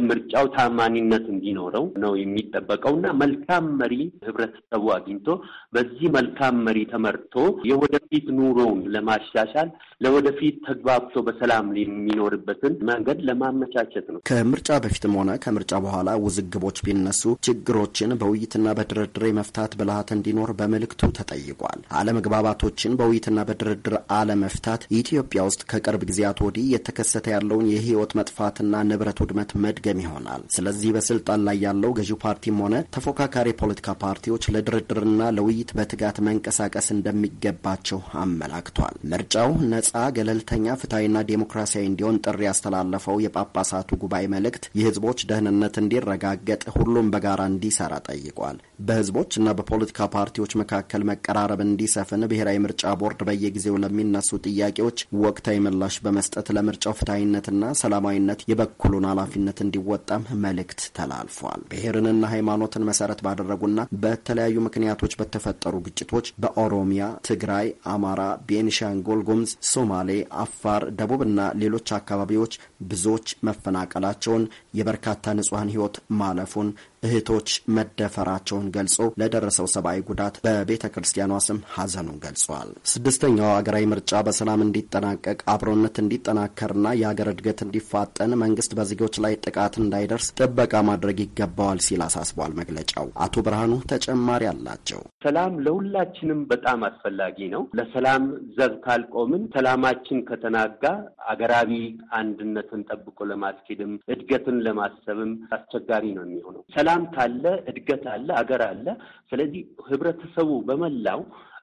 ምርጫው ታማኒነት እንዲኖረው ነው የሚጠበቀው ና መልካም መሪ ህብረተሰቡ አግኝቶ በዚህ መልካም መሪ ተመርቶ የወደፊት ኑሮውን ለማሻሻል ለወደፊት ተግባብቶ በሰላም የሚኖርበትን መንገድ ለማመቻቸት ነው። ከምርጫ በፊትም ሆነ ከምርጫ በኋላ ውዝግቦች ቢነሱ ችግሮችን በውይይትና በድርድር የመፍታት ብልሃት እንዲኖር በመልእክቱ ተጠይቋል። አለመግባባቶችን በውይይትና በድርድር አለመፍታት ኢትዮጵያ ውስጥ ከቅርብ ጊዜያት ወዲህ የተከሰተ ያለውን የህይወት መጥፋትና ንብረት ውድመት መድገም ይሆናል። ስለዚህ በስልጣን ላይ ያለው ገዢው ፓርቲም ሆነ ተፎካካሪ የፖለቲካ ፓርቲዎች ለድርድርና ለውይይት ለውይይት በትጋት መንቀሳቀስ እንደሚገባቸው አመላክቷል። ምርጫው ነጻ፣ ገለልተኛ፣ ፍትሐዊና ዴሞክራሲያዊ እንዲሆን ጥሪ ያስተላለፈው የጳጳሳቱ ጉባኤ መልእክት የህዝቦች ደህንነት እንዲረጋገጥ ሁሉም በጋራ እንዲሰራ ጠይቋል። በህዝቦችና በፖለቲካ ፓርቲዎች መካከል መቀራረብ እንዲሰፍን ብሔራዊ ምርጫ ቦርድ በየጊዜው ለሚነሱ ጥያቄዎች ወቅታዊ ምላሽ በመስጠት ለምርጫው ፍትሐዊነትና ሰላማዊነት የበኩሉን ኃላፊነት እንዲወጣም መልእክት ተላልፏል። ብሔርንና ሃይማኖትን መሰረት ባደረጉና በተለያዩ ምክንያቶች በተፈ የተፈጠሩ ግጭቶች በኦሮሚያ፣ ትግራይ፣ አማራ፣ ቤንሻንጎል ጎምዝ ሶማሌ፣ አፋር፣ ደቡብና ሌሎች አካባቢዎች ብዙዎች መፈናቀላቸውን የበርካታ ንጹሐን ህይወት ማለፉን እህቶች መደፈራቸውን ገልጾ ለደረሰው ሰብአዊ ጉዳት በቤተ ክርስቲያኗ ስም ሀዘኑን ገልጿል። ስድስተኛው አገራዊ ምርጫ በሰላም እንዲጠናቀቅ አብሮነት እንዲጠናከርና የአገር እድገት እንዲፋጠን መንግስት በዜጎች ላይ ጥቃት እንዳይደርስ ጥበቃ ማድረግ ይገባዋል ሲል አሳስቧል መግለጫው። አቶ ብርሃኑ ተጨማሪ አላቸው። ሰላም ለሁላችንም በጣም አስፈላጊ ነው። ለሰላም ዘብ ካልቆምን፣ ሰላማችን ከተናጋ አገራዊ አንድነትን ጠብቆ ለማስኬድም እድገትን ለማሰብም አስቸጋሪ ነው የሚሆነው። ሰላም ካለ እድገት አለ፣ አገር አለ። ስለዚህ ህብረተሰቡ በመላው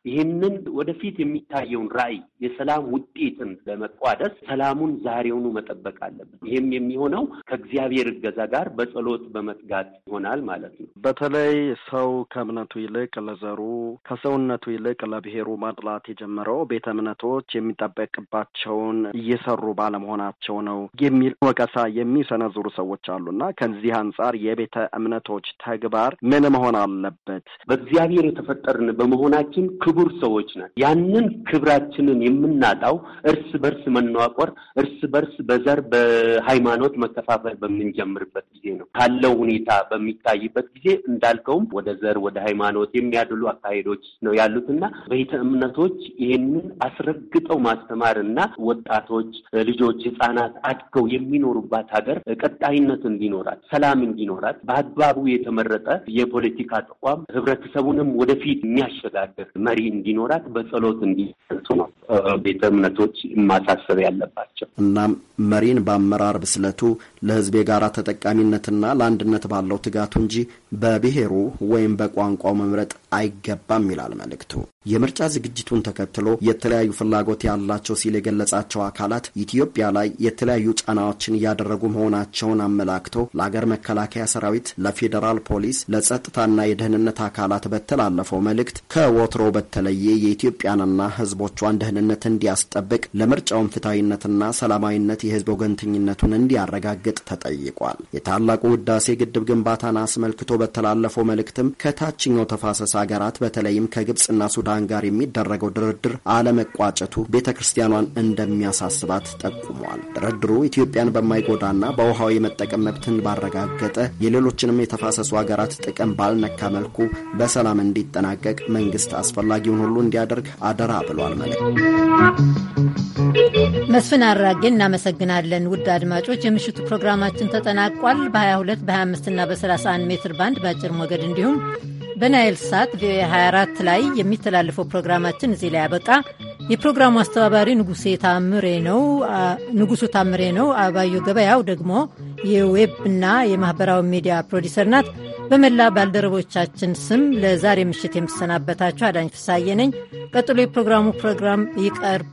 ይህንን ወደፊት የሚታየውን ራዕይ የሰላም ውጤትን ለመቋደስ ሰላሙን ዛሬውኑ መጠበቅ አለብን። ይህም የሚሆነው ከእግዚአብሔር እገዛ ጋር በጸሎት በመትጋት ይሆናል ማለት ነው። በተለይ ሰው ከእምነቱ ይልቅ ለዘሩ፣ ከሰውነቱ ይልቅ ለብሔሩ ማድላት የጀመረው ቤተ እምነቶች የሚጠበቅባቸውን እየሰሩ ባለመሆናቸው ነው የሚል ወቀሳ የሚሰነዝሩ ሰዎች አሉና ከዚህ አንጻር የቤተ እምነቶች ተግባር ምን መሆን አለበት? በእግዚአብሔር የተፈጠርን በመሆናችን ክቡር ሰዎች ነን። ያንን ክብራችንን የምናጣው እርስ በርስ መነዋቆር እርስ በርስ በዘር በሃይማኖት መከፋፈል በምንጀምርበት ጊዜ ነው። ካለው ሁኔታ በሚታይበት ጊዜ እንዳልከውም ወደ ዘር ወደ ሃይማኖት የሚያድሉ አካሄዶች ነው ያሉትና ቤተ እምነቶች ይህንን አስረግጠው ማስተማር እና ወጣቶች፣ ልጆች፣ ህጻናት አድገው የሚኖሩባት ሀገር ቀጣይነት እንዲኖራት፣ ሰላም እንዲኖራት በአግባቡ የተመረጠ የፖለቲካ ተቋም ህብረተሰቡንም ወደፊት የሚያሸጋግር መሪ ፈሪ እንዲኖራት በጸሎት እንዲሰጡ ነው። ቤተ እምነቶች ማሳሰብ ያለባቸው እናም መሪን በአመራር ብስለቱ ለህዝብ የጋራ ተጠቃሚነትና ለአንድነት ባለው ትጋቱ እንጂ በብሔሩ ወይም በቋንቋው መምረጥ አይገባም ይላል መልእክቱ። የምርጫ ዝግጅቱን ተከትሎ የተለያዩ ፍላጎት ያላቸው ሲል የገለጻቸው አካላት ኢትዮጵያ ላይ የተለያዩ ጫናዎችን እያደረጉ መሆናቸውን አመላክተው ለአገር መከላከያ ሰራዊት፣ ለፌዴራል ፖሊስ፣ ለጸጥታና የደህንነት አካላት በተላለፈው መልእክት ከወትሮ በተለየ የኢትዮጵያንና ህዝቦቿን ደህንነት ማንነት እንዲያስጠብቅ ለምርጫውን ፍትሐዊነትና ሰላማዊነት የህዝብ ወገንተኝነቱን እንዲያረጋግጥ ተጠይቋል። የታላቁ ህዳሴ ግድብ ግንባታን አስመልክቶ በተላለፈው መልእክትም ከታችኛው ተፋሰስ ሀገራት በተለይም ከግብፅና ሱዳን ጋር የሚደረገው ድርድር አለመቋጨቱ ቤተ ክርስቲያኗን እንደሚያሳስባት ጠቁሟል። ድርድሩ ኢትዮጵያን በማይጎዳና በውሃው የመጠቀም መብትን ባረጋገጠ የሌሎችንም የተፋሰሱ ሀገራት ጥቅም ባልነካ መልኩ በሰላም እንዲጠናቀቅ መንግስት አስፈላጊውን ሁሉ እንዲያደርግ አደራ ብሏል። መልእክት መስፍን አራጌ እናመሰግናለን። ውድ አድማጮች የምሽቱ ፕሮግራማችን ተጠናቋል። በ22 በ25 እና በ31 ሜትር ባንድ በአጭር ሞገድ እንዲሁም በናይል ሳት ቪኦኤ 24 ላይ የሚተላለፈው ፕሮግራማችን እዚህ ላይ ያበቃ። የፕሮግራሙ አስተባባሪ ንጉሴ ታምሬ ነው ንጉሱ ታምሬ ነው። አባዩ ገበያው ደግሞ የዌብና የማኅበራዊ ሚዲያ ፕሮዲሰር ናት። በመላ ባልደረቦቻችን ስም ለዛሬ ምሽት የምሰናበታችሁ አዳኝ ፍሳዬ ነኝ። ቀጥሎ የፕሮግራሙ ፕሮግራም ይቀርብ